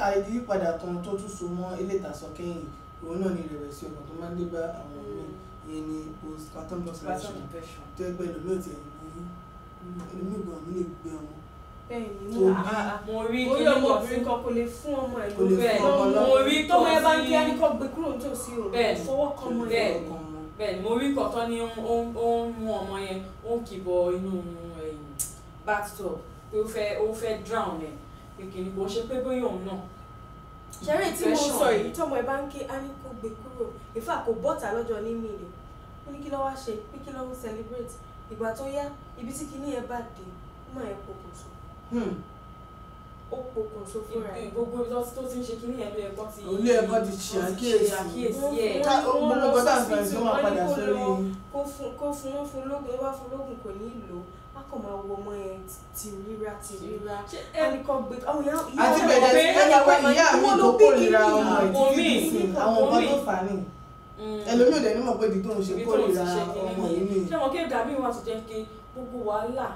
àìyípadà kan tó tún so mọ́ ilé ìtàsán kẹ́yìn òun náà ni ìrẹ̀wẹ̀sì ọkàn tó máa ń dé bá àwọn míì ìyẹn ni postpartum depression tó ẹgbẹ́ ìlú lóòótọ́ inú ìgbà mi lè gbé ọmọ. mo rí kí ọmọ kan kò lè fún ọmọ ẹ ló bẹ́ẹ̀ mo rí tó mọ ẹ bá ń kí á ní gbé kúrò nítòsí o fọwọ́ kan mọ ẹ bẹ́ẹ̀ni mo rí kọtọ ní ó ń mú ọmọ yẹn ó ń kìbọ inú eh, bathtub pé ó fẹ́ ó fẹ́ drown ẹ ìkíni kò ṣe pé bóyá òun náà ṣeré tí mo sọ èyí tọmọ ẹ bá ń ké á gbé kúrò ìfà kò bọ́ta lọ́jọ́ ní mi ni ó ní kí ló ṣe pé kí ló celebrate ìgbà tó yá ibi tí kinní yẹn bá dé ó máa yẹ pokùnso hmm. ó pokùnso fúnra ẹ gbogbo ibi tó ti ń ṣe kinní yẹn ló yẹ kó ti ilé ẹ̀kọ́ ti ṣe àkíyèsí ẹ gbogbo gbọ́dọ̀ àgbà tí ó máa padà sórí kó fún kó fún wọn fún lóògùn ó bá fún lóògùn kò ní í lò ó a kàn máa wọ ọmọ yẹn ti ríra ti ríra ẹnìkan gbé àwọn ìyá ìyá àti bẹ̀rẹ̀ sí ẹ̀yà pé ìyá mi tó kórìíra ọmọ ìdílé àwọn ọmọ tó fà á nì hmm. ẹlòmíì ò dẹ̀ ní mọ̀ pé ìdí tó ń ṣe kórìíra ọmọ yìí nìyí. ṣé wọn kí èdè àbí wọn àti jẹ́ kí gbogbo wàhálà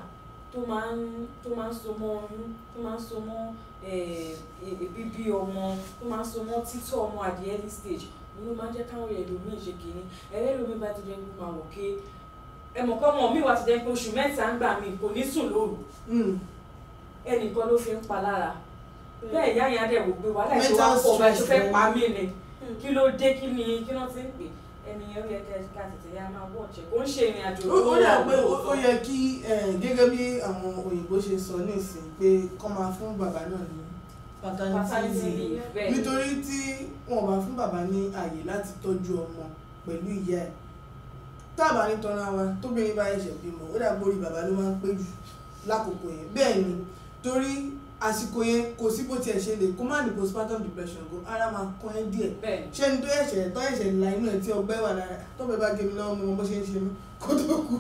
tó máa ń tó máa ń so mọ́ oyún tó máa ń so mọ́ eh, e, e, bíbí ọmọ tó máa ń so mọ́ títọ́ ọmọ at the early stage ló máa ń jẹ́ káwọn ẹlòmíì ṣe kínní ẹlẹ́lòmíì bá ti jẹ́ kó máa wọ̀ ké ẹmọ̀ kọ́ mọ̀ mí wà ti jẹ́ pé oṣù mẹ́ta ń gbà mí kò ní sùn lóru hmm. ẹnìkan ló fi ń pa lára hmm. bẹ́ẹ̀ ìyá yẹn á dẹ̀ wò pé wàhálà ìṣòwò àpò ọba ìṣòfẹ́ pa mí ni hmm. kí ló dé kí ni kí wọ́n ti ń pè é ènìyàn yẹ ká tètè yá máa wọ̀ ọ̀jẹ̀ kó ń ṣe ìrìn àjò tó ó dà pé ó yẹ kí gẹ́gẹ́ bí àwọn òyìnbó ṣe sọ nísìnyí pé kọ́ máa fún bàbá náà ní paternity nítorí tí wọn bá fún bàbá ní àyè láti tọ́jú ọmọ pẹ̀lú ìyá ẹ̀ tábà ní tọ́ra wa tóbìnrin bá ẹ̀ṣẹ̀ bímọ ó dà borí bàbá ló máa ń pé jù lákòókò yẹn bẹ́ẹ̀ ni torí àsìkò yẹn kò sí bó tiẹ̀ ṣe lè kó má ní postpartum depression kó ara máa kọ́ ẹ́ díẹ̀ ṣé ní tó ẹ̀ṣẹ̀ tó ẹ̀ṣẹ̀ ńlá inú ẹ̀ tí ọgbẹ́ wà lára tọ́pẹ́ bá gé mi lọ́wọ́ mi mọ bó ṣe ń ṣe mí kó tó kú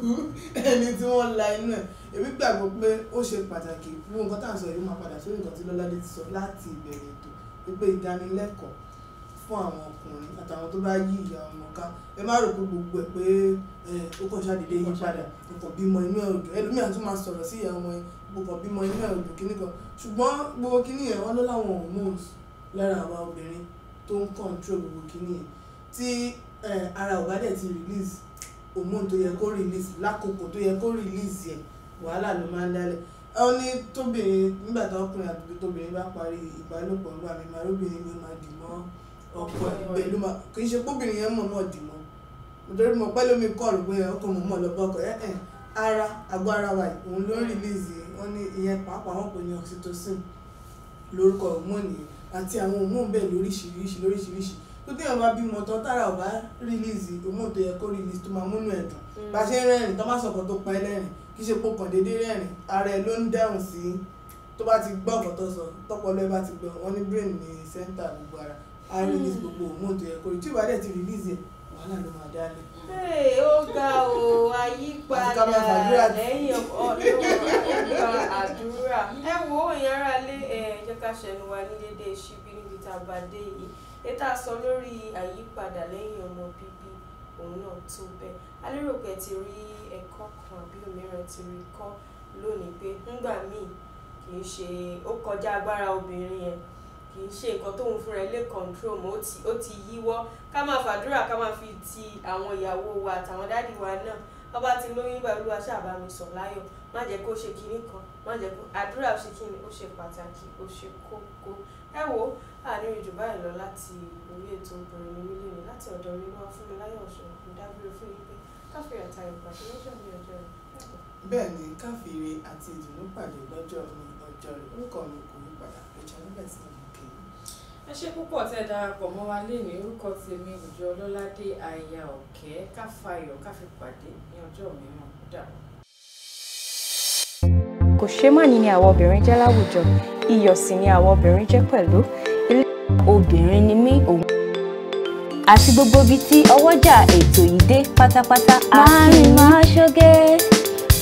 ẹni tí wọ́n la inú ẹ̀ èmi gbàgbọ́ pé ó ṣe pàtàkì gbogbo nǹkan tá à ń sọ yìí máa padà sórí nǹkan tí Lọ́ládé ti sọ láti ìbẹ̀rẹ̀ ètò wípé ìdánilẹ́kọ̀ọ́ fún àwọn ọkùnrin àtàwọn tó bá yí ìyá ọmọ ká ẹ má rò pé gbogbo ẹ pé ó kàn ṣàdédé yí padà ọkọ̀ bímọ inú ẹ̀ òdò ẹlòmíràn tún máa sọ̀rọ̀ sí ìyá mo kàn bímọ inú ẹ̀ òdùn kínní kan ṣùgbọ́n gbogbo kínní yẹn wọ́n ló láwọn hormones lára àwa obìnrin tó ń control gbogbo kínní yẹn tí ara ò bá dẹ̀ ti release hormone tó yẹ kó release lákòókò tó yẹ kó release yẹn wàhálà ló máa ń dálẹ̀ ó ní tóbìnrin nígbà tó ọkùnrin àti tóbìnrin bá parí ìbálòpọ̀ ńgbà mi máa lóbìnrin mi máa dì mọ́ ọkọ ẹ̀ pẹ̀lú máa kì í ṣe kóbìnrin yẹn mọ̀ náà dì mọ́ nítorí mo pẹ́ lómi kọ́ọ̀lù pé ọkọ̀ mọ̀ mọ̀ lọ́bọ̀ ọkọ̀ ẹ̀ ẹ̀ ara àgọ́ ara wa òun ló ń release wọ́n ní ìyẹn pàápàá wọ́n pè ní oxytocin lórúkọ hormone àti àwọn hormone bẹ́ẹ̀ lóríṣiríṣi lóríṣiríṣi tó téèyàn bá bímọ tán tára ò bá release hormone tó yẹ kó release tó máa múnú ẹ̀dùn mm. bá ṣe ń rẹ́rìn tó má sọ̀kọ̀ tó pa ẹ́ lẹ́rìn kì í ṣe pó kàn déédéé rẹ́rìn ara ẹ ló ń dáhùn sí tó bá ti gbọ́ ọ̀kọ̀ tó sọ tọpọlọ ẹ bá ti gbọ́ wọn ní brain ní center gbogbo ara á release mm. gbogbo hormone tó yẹ kó release tí ìbá dẹ̀ ti release ẹ̀ wàhálà ló máa dálẹ̀ ó o àyípadà lẹ́yìn ọlọ́run àdúrà ẹ wo èèyàn ara lé ẹ jẹ́ ká ṣẹnu wa ní dédé ṣíbí níbi tá a bá dé yìí ètò àsọ lórí àyípadà lẹ́yìn ọmọ bíbí òun náà tó bẹ́ẹ̀ alérò pé ti rí ẹ̀kọ́ kan àbí òmíràn ti rí kọ́ lónìí pé ńgbà míì kì í ṣe ó kọjá agbára obìnrin yẹn kì í ṣe nǹkan tóun fúnra ẹ lè control mọ́ ó ti yíwọ́ ká máa fàdúrà ká máa fi ti àwọn ìyàwó wa àtàwọn dádì wa náà bàbá ti lóyún bá olúwa ṣàbámi sọ láyọ̀ má jẹ́ kó ṣe kinní kan má jẹ́ kó àdúrà ṣe kinní ó ṣe pàtàkì ó ṣe kókó ẹ wo àárín ìjù báyìí lọ láti orí ètò obìnrin ní mílíọ̀nù láti ọ̀dọ̀ olúwa fún mi láyọ̀ ọ̀ṣọ́ ìdábìrì fún mi pé káfíńrì àtàrí pàdé lọ́jọ́ mi ọjọ́ rẹ̀ bẹ́ẹ̀ ni káfíńrì àti ìdùnnú pàdé lọ́jọ́ mi ọjọ́ rẹ̀ orúkọ mi kò ní padà péjọ nígbà tí mo ẹ ṣe púpọ̀ tẹ́ darapọ̀ mọ́ wa lénìí orúkọ tèmi ìjọ ọlọ́ládé aya ọ̀kẹ́ káfayọ̀ káfi pàdé ní ọjọ́ mìíràn dàbọ̀. kò ṣe má ní ni àwọn obìnrin jẹ́ láwùjọ iyọ̀ sì ni àwọn obìnrin jẹ́ pẹ̀lú ilé obìnrin ni mí òun àti gbogbo ibi tí ọwọ́jà ètò yìí dé pátápátá. máa rìn máa ṣoge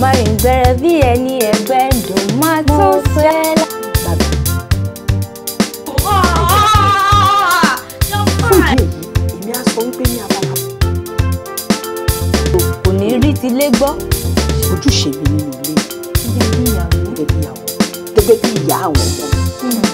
máa rìn gbẹrẹ bí ẹni ẹgbẹ́ dùn máa tó sẹ́lá. ó ń pè ní abala. kò ní rí tilé gbọ́ ojúṣe mi nínú ilé gẹ́gẹ́ bí ìyàwó gẹ́gẹ́ bí ìyá àwọn ọmọ mi.